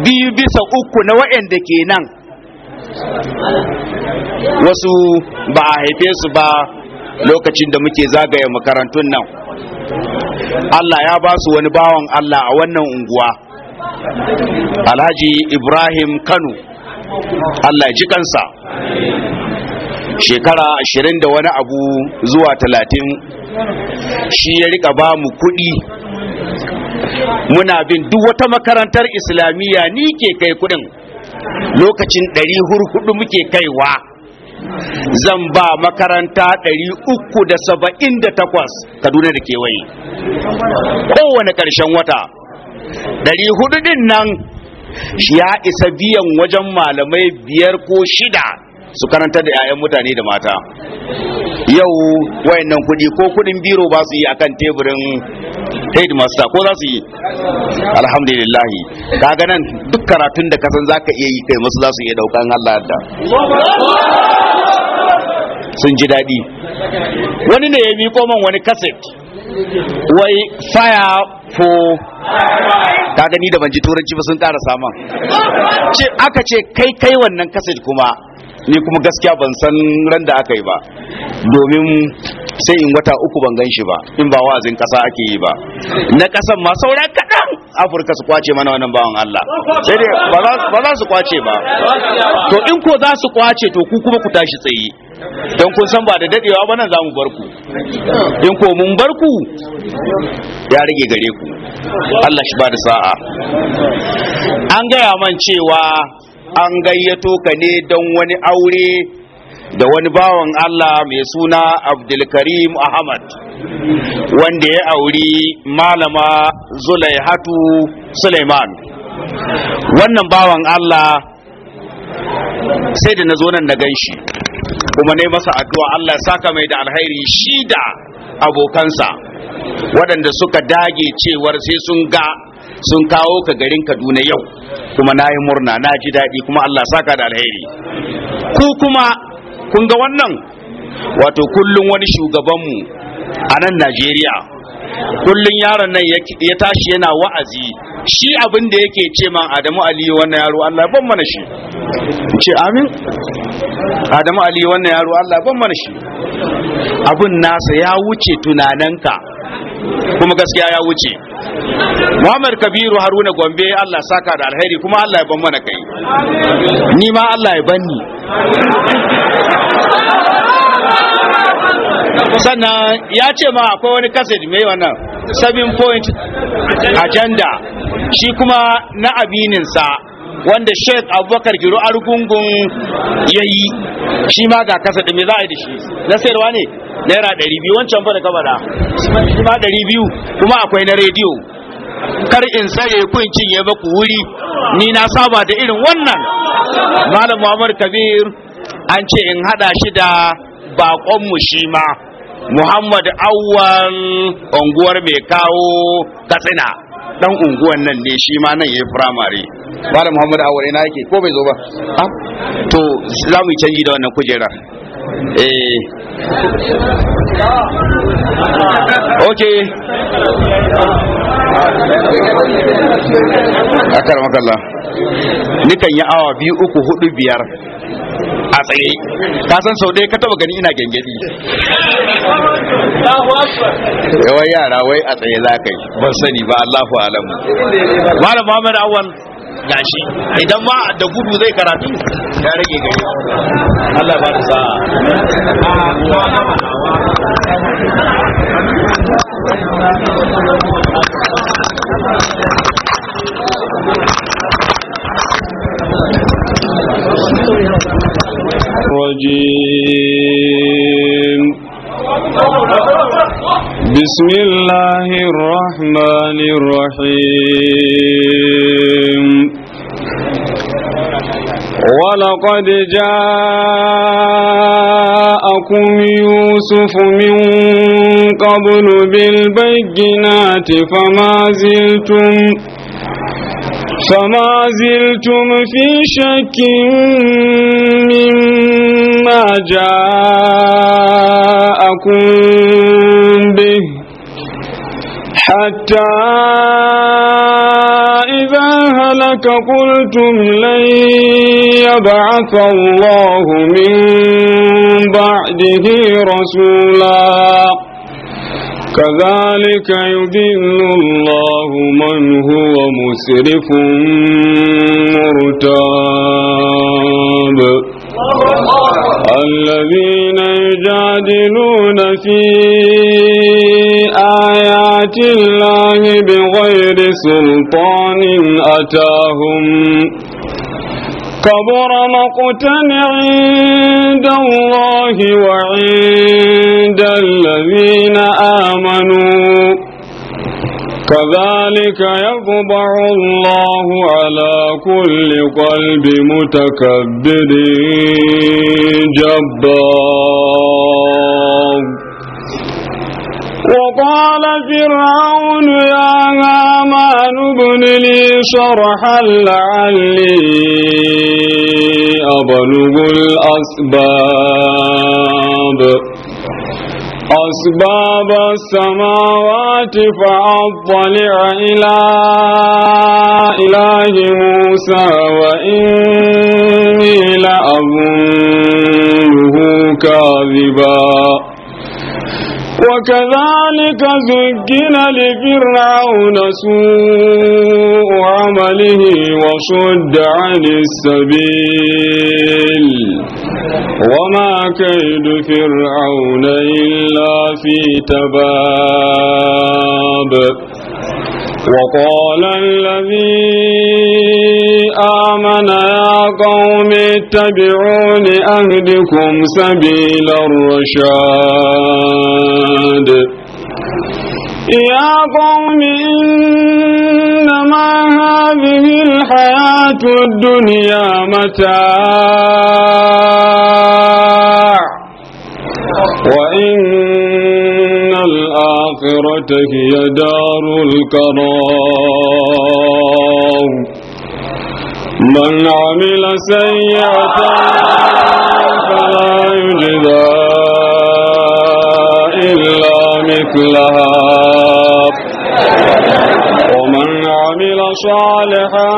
biyu bisa uku na da ke nan wasu ba a haife su ba lokacin da muke zagaya makarantun nan Allah ya ba su wani bawan Allah a wannan unguwa Alhaji Ibrahim Kano Allah ya ji kansa shekara ashirin da wani abu zuwa talatin shi ya rika ba mu kuɗi muna bin duk wata makarantar islamiyya ni ke kai kuɗin lokacin ɗari hurhudu muke kaiwa zan ba makaranta ɗari uku da saba'in da takwas kaduna da kewaye kowane ƙarshen wata ɗari hudu ɗin nan ya isa biyan wajen malamai biyar ko shida su karanta da 'ya'yan mutane da mata yau wayannan kudi ko kudin biro ba su yi akan teburin Headmaster ko za su yi alhamdulillah kaga nan duk karatun da kasan zaka iya yi kai masu za su iya daukan Allah da sun ji daɗi wani ne ya miko man wani kaset wai fire for ka gani da banji turanci ba sun ƙara saman ce aka ce kai kai wannan kaset kuma ni kuma gaskiya ban san ran da aka yi ba domin sai in wata uku ban gan shi ba in ba wazin kasa ake yi ba na kasan ma saura kaɗan afirka su kwace mana wannan bawan allah sai dai ba za su kwace ba to in ko za su kwace to ku kuma ku tashi tsaye don kun san ba da dadewa ba nan za mu bar ku in ko mun bar ku ya rage gare ku allah shi ba da sa'a an gaya man cewa an gayyato ka ne don wani aure da wani bawan Allah mai suna Abdulkarim Ahmad wanda ya auri malama Zulaihatu Suleiman wannan bawan Allah sai da na zo nan na gan shi, kuma ne masa addu'a Allah saka mai da alhairi shi da abokansa waɗanda suka dage cewar sai sun ga sun kawo ka garin Kaduna yau kuma na yi murna na ji daɗi kuma Allah saka da alheri ku kuma kun ga wannan wato kullum wani shugabanmu a nan najeriya kullum yaron nan ya tashi yana wa'azi shi abin da yake ce man adamu aliyu wannan yaro allah ban mana shi ce amin adamu aliyu wannan yaro allah ban mana shi abin nasa ya wuce tunaninka kuma gaskiya ya wuce Muhammad Kabiru Haruna Gombe Allah saka da alheri kuma Allah ya ban mana kai ni ma Allah ya ban ni sannan ya ce ma akwai wani kaset mai wannan seven point agenda shi kuma na amininsa wanda sheik abubakar giro argungun ya yi shi ma ga kasa me za a yi da shi na sayarwa ne naira ɗari biyu wancan fa da shi ma ɗari biyu kuma akwai na rediyo kar in saye kun cinye baku wuri ni na saba da irin wannan malam muhammad kabir an ce in hada shi da bakonmu shi ma muhammad awwal unguwar mai kawo katsina dan unguwan nan ne shi ma nan yayi primary bala muhammad awure na yake ko bai zo ba ah, to za mu yi canji da wannan kujera. eh okay akar makalla nikan yi awa biyu uku hudu biyar a tsaye ka san sau ɗaya ka taba gani ina gengedi yawan eh, yara wai a tsaye za ka yi ban sani ba allahu alamu malam muhammad awal gashi idan ma da gudu zai karatu ya rage gari allah ba ta Thank you. الرجيم بسم الله الرحمن الرحيم ولقد جاءكم يوسف من قبل بالبينات فما زلتم فما زلتم في شك مما جاءكم به حتى إذا هلك قلتم لن يبعث الله من بعده رسولاً كذلك يذل الله من هو مسرف مرتاب الذين يجادلون في آيات الله بغير سلطان أتاهم كبر مقتا عند الله وعند الذين آمنوا كذلك يطبع الله على كل قلب متكبر جبار وقال فرعون يا هامان ابن لي شرحا لعلي أبلغ الأسباب أسباب السماوات فأطلع إلى إله موسى وإني لأظنه كاذباً وكذلك زجن لفرعون سوء عمله وصد عن السبيل وما كيد فرعون إلا في تباب وقال الذي آمن يا قوم اتبعون أهدكم سبيل الرشاد يا قوم إنما هذه الحياة الدنيا متاع وإن الآخرة هي دار الكرام من عمل سيئة فلا يجزى إلا مثلها ومن عمل صالحا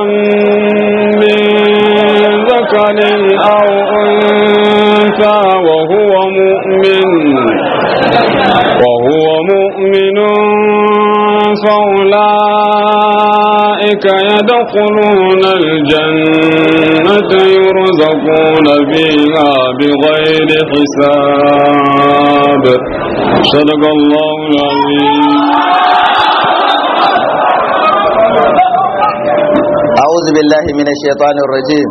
يدخلون الجنة يرزقون فيها بغير حساب صدق الله العظيم أعوذ بالله من الشيطان الرجيم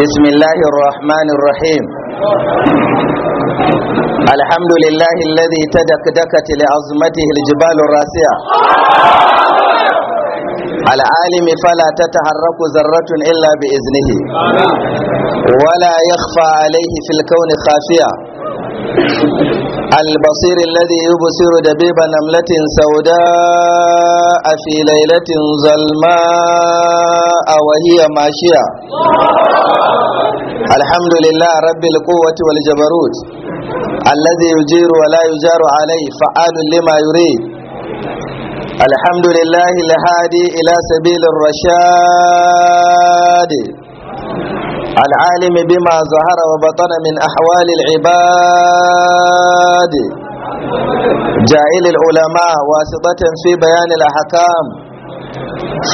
بسم الله الرحمن الرحيم الحمد لله الذي تدكدكت لعظمته الجبال الراسية العالم فلا تتحرك ذرة إلا بإذنه ولا يخفى عليه في الكون خافية البصير الذي يبصر دبيب نملة سوداء في ليلة ظلماء وهي ماشية الحمد لله رب القوة والجبروت الذي يجير ولا يجار عليه فعال لما يريد الحمد لله الهادي إلى سبيل الرشاد العالم بما ظهر وبطن من أحوال العباد جائل العلماء واسطة في بيان الأحكام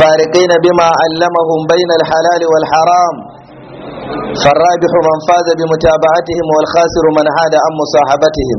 فارقين بما علمهم بين الحلال والحرام فالرابح من فاز بمتابعتهم والخاسر من عاد عن مصاحبتهم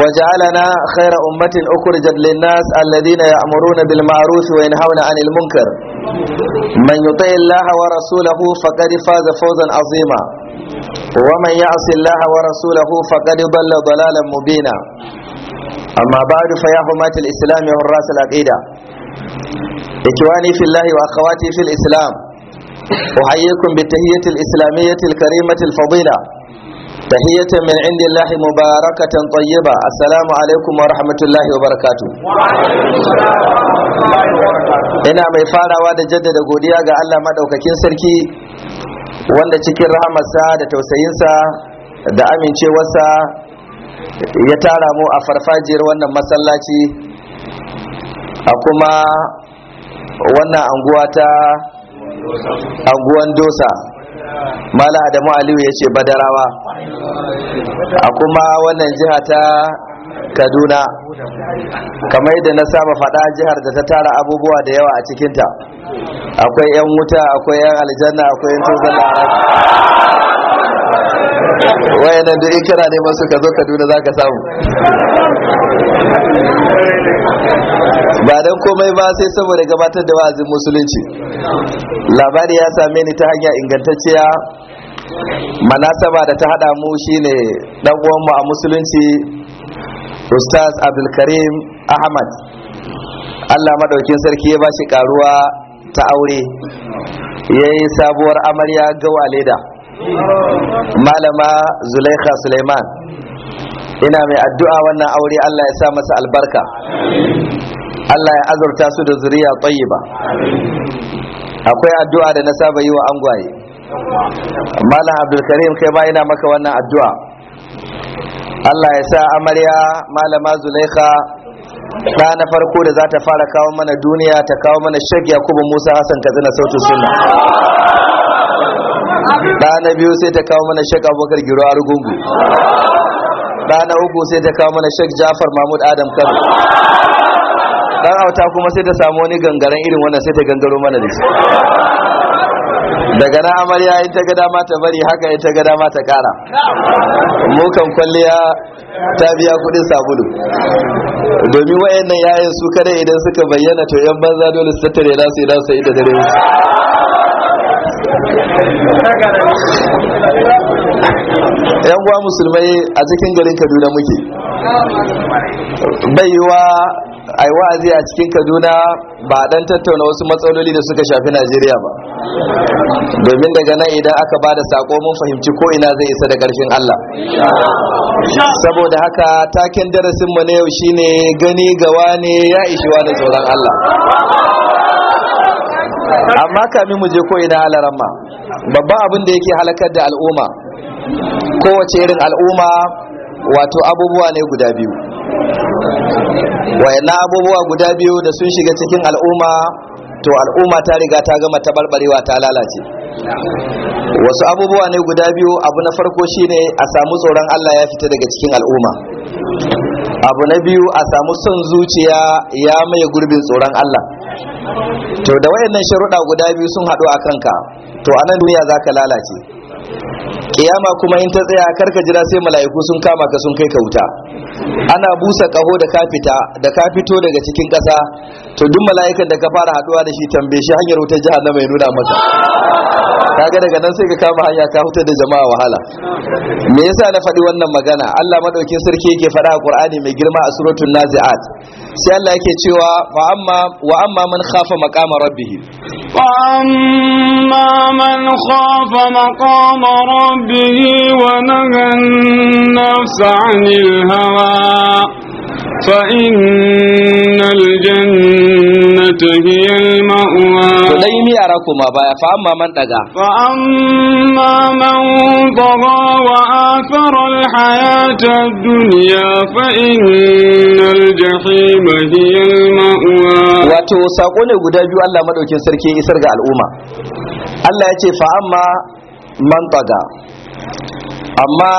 وجعلنا خير أمة أخرجت للناس الذين يأمرون بالمعروف وينهون عن المنكر من يطع الله ورسوله فقد فاز فوزا عظيما ومن يعص الله ورسوله فقد ضل ضلالا مبينا أما بعد فيا حماة الإسلام والراس العقيدة إخواني في الله وأخواتي في الإسلام أحييكم بالتهية الإسلامية الكريمة الفضيلة تحية من عند الله مباركة asalamu السلام عليكم ورحمة الله وبركاته ina mai farawa da jaddada godiya ga Allah madaukakin sarki wanda cikin rahamarsa da tausayinsa da amincewarsa ya tara mu a farfajiyar wannan masallaci a kuma wannan anguwa ta anguwan mala adamu aliyu ya ce badarawa a kuma wannan jiha ta kaduna kamar yadda na saba faɗa jihar da ta tara abubuwa da yawa a cikinta akwai 'yan wuta akwai 'yan aljanna akwai 'yan tozon da wayannan da in kana neman su ka zo kaduna za ka samu ba don komai ba sai saboda gabatar da wa'azin musulunci labari ya same ni ta hanya ingantacciya manasaba da ta hada mu shine dan mu a musulunci ustaz abdulkarim ahmad allah madaukin sarki ya ba shi karuwa ta aure ya yi sabuwar amarya gawa leda malama zulaikha suleiman ina mai addu'a wannan aure allah ya sa masa albarka allah ya azurta su da zuriya ba. akwai addu'a da na saba yi wa angwaye malam abdulkarim kai ba ina maka wannan addu'a allah ya sa amarya malama zulaikha ta na farko da za ta fara kawo mana duniya ta kawo mana shek yakubu musa hassan kazina sautin suna. ɗa na biyu sai ta kawo mana shek abubakar giro argungu ɗa na uku sai ta kawo mana shek jafar mahmud adam kano ɗan auta kuma sai ta samu wani gangaren irin wannan sai ta gangaro mana da shi daga na amarya in ta gada mata bari haka in ta gada mata kara mukan kwalliya ta biya kudin sabulu domin wayannan yayin su kada idan suka bayyana to yan banza dole su tattare su idan sai da dare yan uwa musulmai a cikin garin kaduna muke baiwa yi wa'azi a cikin kaduna ba dan tattauna wasu matsaloli da suka shafi najeriya ba domin daga nan idan aka ba da sako mun fahimci ko ina zai isa da ƙarshen allah saboda haka taken darasinmu na yau shine gani gawa ne ya ishi da tsoron allah amma kamin mu je ko ina alaramma babban abin da yake halakar da al'umma kowace irin al'umma wato abubuwa ne guda biyu wayannan abubuwa guda biyu da sun shiga cikin al'umma to al'umma ta riga ta gama tabarbarewa ta lalace wasu abubuwa ne guda biyu abu na farko shine a samu tsoron Allah ya fita daga cikin al'umma abu na biyu a samu son zuciya ya maye gurbin tsoron Allah to da wayannan sharuɗa guda biyu sun haɗu a kanka to a nan duniya za ka lalace kiyama kuma in ta tsaya karka jira sai mala'iku sun kama ka sun kai ka wuta ana busa ƙaho da ka fita da ka fito daga cikin ƙasa to duk mala'ikan da ka fara haɗuwa da shi tambaye shi hanyar wutar jihar na mai nuna maka kaga daga nan sai ka kama hanya ka hutar da jama'a wahala me yasa na faɗi wannan magana Allah madaukin sarki yake faɗa a Qur'ani mai girma a suratul Nazi'at sai Allah yake cewa fa amma wa amma man khafa maqama rabbih fa amma man khafa maqama rabbih wa nahana nafsa 'anil hawa فإن الجنة هي المأوى ليمي أراكما بايا فأما من تغى فأما من طغى وآثر الحياة الدنيا فإن الجحيم هي المأوى واتو ساقوني قدابي الله مدوكي سركي إسرق الأمة الله يتي فأما من طغى أما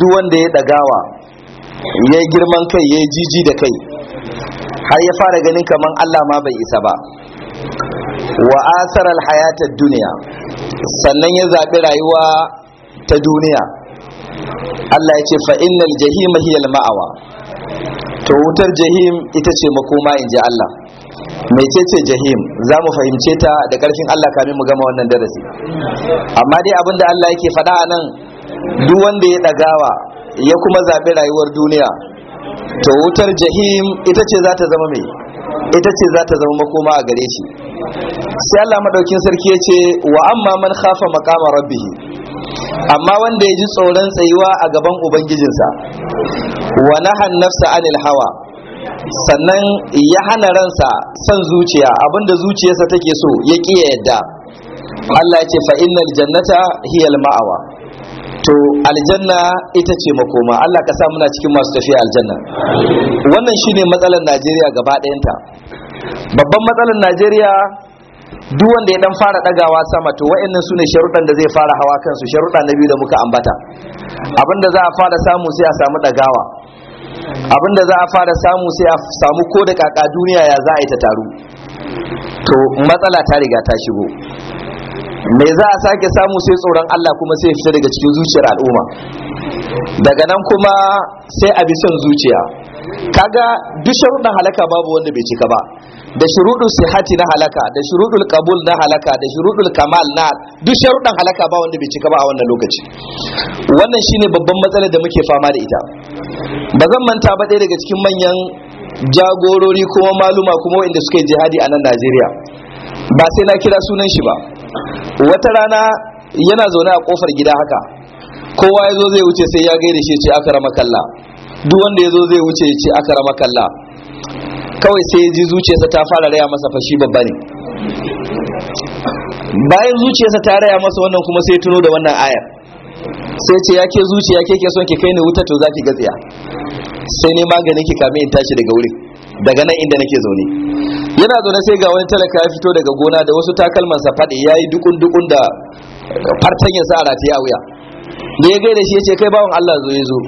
دوان دي ya ya yi girman kai ya yi jiji da kai har ya fara ganin kamar Allah ma bai isa ba wa asarar hayatar duniya sannan ya zaɓi rayuwa ta duniya Allah ya ce fa'innal jahim hiyal ma'awa to wutar jahim ita ce makoma in ji Allah cece jahim za mu fahimce ta da ƙarfin Allah kamin mu gama wannan darasi amma dai abinda Allah yake faɗa a nan duk wanda ya ɗagawa ya kuma zaɓi rayuwar duniya to wutar jahim ita ce za ta zama mai ita ce za ta zama makoma a gare shi sai Allah madaukin sarki ya ce wa amma man khafa maqama rabbih amma wanda ya ji tsoron tsayuwa a gaban ubangijinsa wa nahan nafsa anil hawa sannan ya hana ransa san zuciya abinda zuciyarsa take so ya ƙi yadda Allah ya ce fa innal jannata hiyal ma'awa to aljanna ita ce makoma Allah ka sa muna cikin masu tafiya aljanna wannan shine matsalar Najeriya gaba ɗayanta babban matsalar Najeriya duk wanda ya dan fara dagawa sama to wayannan sune sharuɗan da zai fara hawa kansu sharuɗa na biyu da muka ambata abinda za a fara samu sai a samu dagawa abinda za a fara samu sai a samu ko da kaka duniya ya za a yi ta taru to matsala ta riga ta shigo Mai za a sake samu sai tsoron Allah kuma sai ya fita daga cikin zuciyar al'umma daga nan kuma sai a bi son zuciya kaga duk sharuɗin halaka babu wanda bai cika ba da shuruɗul sihati na halaka da shuruɗul qabul na halaka da shuruɗul kamal na duk sharuɗin halaka ba wanda bai cika ba a wannan lokaci wannan shine babban matsalar da muke fama da ita ba zan manta ba ɗaya daga cikin manyan jagorori kuma maluma kuma waɗanda suka yi jihadi a nan Najeriya ba sai na kira sunan shi ba wata rana yana zaune a kofar gida haka kowa ya zo zai wuce sai ya gaida shi ce aka rama kalla duk wanda ya zo zai wuce ya ce aka rama kalla kawai sai ya ji zuciyarsa ta fara raya masa fashi babba ne bayan zuciyarsa ta raya masa wannan kuma sai tuno da wannan ayar sai ce ya ke zuciya ke ke son ki kai ni wuta to za ki gatsiya sai ne maganin ki kame in tashi daga wurin daga nan inda nake zaune yana zaune sai ga wani talaka ya fito daga gona da wasu takalmansa faɗi ya yi dukun dukun da eh, fartan ya sa a rataye a wuya da ya gaida shi ya ce kai bawan Allah zo ya zo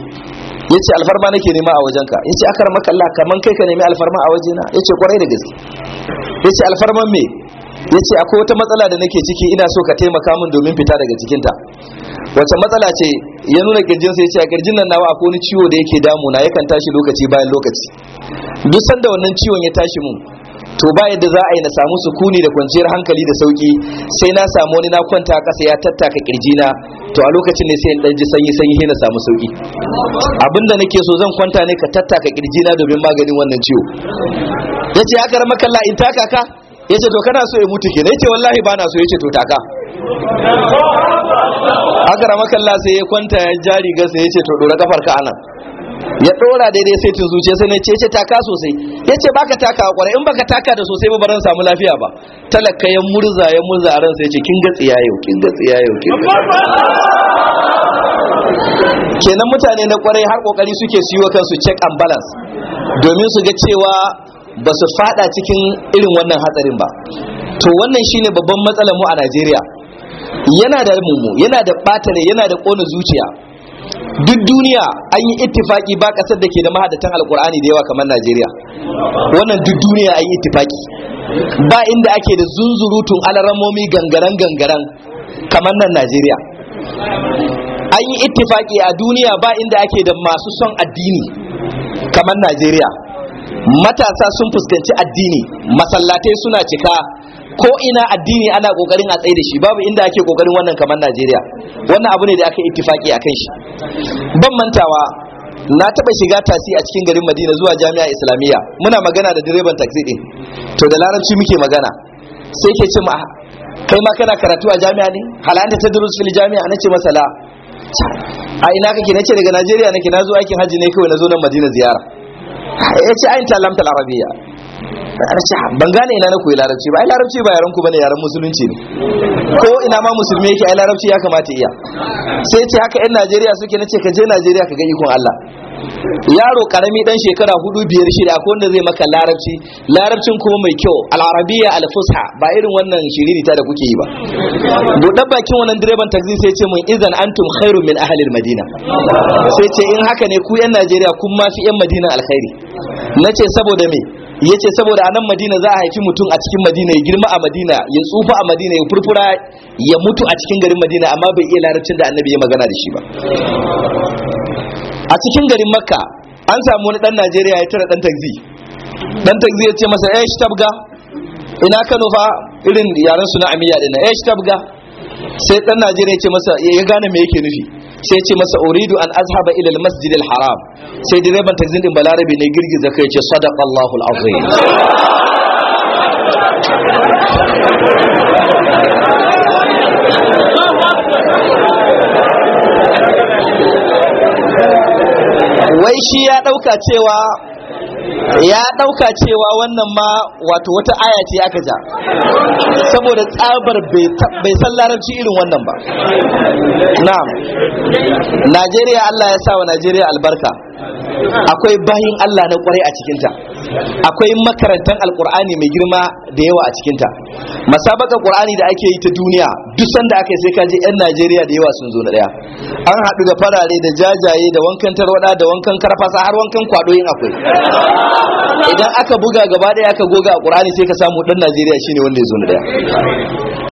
ya ce alfarma nake nema a ka, ya ce akar Allah kaman kai ka nemi alfarma a wajena ya ce kwarai da gaske ya ce alfarman me ya ce akwai wata matsala da nake ciki ina so ka taimaka min domin fita daga cikinta wacce matsala ce ya nuna kirjin sai ce a kirjin nan nawa akwai wani ciwo da yake damu damuna yakan tashi lokaci bayan lokaci duk sanda wannan ciwon ya tashi mun to ba yadda za a yi na samu sukuni da kwanciyar hankali da sauki sai na samu wani na kwanta kasa ya tattaka kirjina to a lokacin ne sai in ɗan ji sanyi sanyi sai na samu sauki abinda nake so zan kwanta ne ka tattaka kirjina domin maganin wannan ciwo yace haka makalla in taka ka ya ce to kana so ya mutu kenan ya ce wallahi ba na so ya ce to taka aka ramakan sai ya kwanta ya jari sai ya ce to dora kafar ka anan ya dora daidai sai tun zuciya sai na ce ce taka sosai ya ce baka taka kwarai in baka taka da sosai ba baran samu lafiya ba talaka ya murza ya murza a ransa ya ce kin ga tsiya yau kin ga tsiya yau kin kenan mutane na kwarai har kokari suke siyo kansu check and balance domin su ga cewa ba su fada cikin irin wannan hatsarin ba to wannan shine babban matsalar mu a Najeriya yana da mumu yana da batale yana da kona zuciya duk duniya an yi ittifaki ba kasar da ke da mahadatan alkur'ani da yawa kamar Najeriya wannan duk duniya an yi ittifaki ba inda ake da zunzurutun alaramomi gangaren gangaren kamar nan Najeriya an yi ittifaki a duniya ba inda ake da masu son addini kamar Najeriya matasa sun fuskanci addini masallatai suna cika ko ina addini ana kokarin a tsaye da shi babu inda ake kokarin wannan kamar Najeriya wannan abu ne da aka ittifaki kan shi ban mantawa na taba shiga tasi a cikin garin Madina zuwa Jami'a Islamiyya muna magana da direban taxi din to da larabci muke magana sai ke ce ma kai ma kana karatu a jami'a ne halanta ta durus jami'a nace masa la a ina kake nace daga Najeriya nake nazo aikin haji ne kawai nazo nan Madina ziyara ya ce ayin talamta arabiya ban gane ina na koyi larabci ba ai larabci ba yaran ku bane yaran musulunci ne ko ina ma musulmi yake ai larabci ya kamata iya sai ce haka yan Najeriya suke nace ka je Najeriya ka ga ikon Allah yaro karami dan shekara hudu biyar shida ko wanda zai maka larabci larabcin kuma mai kyau al-arabiyya al-fusha ba irin wannan ta da kuke yi ba buɗe bakin wannan direban taxi sai ce mun idan antum khairu min al madina sai ce in haka ne ku yan Najeriya kun ma fi yan Madina alkhairi nace saboda me ya ce saboda a nan madina za a haifi mutum a cikin madina ya girma a madina ya tsufa a madina ya furfura ya mutu a cikin garin madina amma bai iya larabcin da annabi ya magana da shi ba a cikin garin makka an samu wani dan najeriya ya tara dan tagzi dan tagzi ya ce masa eh tabga ina kano fa irin yaran su na amiya dinnan eh tabga sai dan najeriya ya ce masa ya gane me yake nufi sai ce masa uridu an azhaba ila almasjid alharam sai direban taxi din balarabe ne girgiza kai ce sadaqallahu alazim wai shi ya dauka cewa ya ɗauka cewa wannan ma wato wata aya ce aka ja saboda tsabar bai san larabci irin wannan ba na'am najeriya allah ya sa wa najeriya albarka akwai bayin Allah na kwarai a cikinta akwai makarantar alkur'ani mai girma da yawa a cikinta masabakar qur'ani da ake yi ta duniya duk sanda aka yi sai kaji yan Najeriya da yawa sun zo na daya an haɗu da farare da jajaye da wankan tarwada da wankan karfasa har wankan kwado akwai idan aka buga gaba daya aka goga a qur'ani sai ka samu dan Najeriya shine wanda ya zo na daya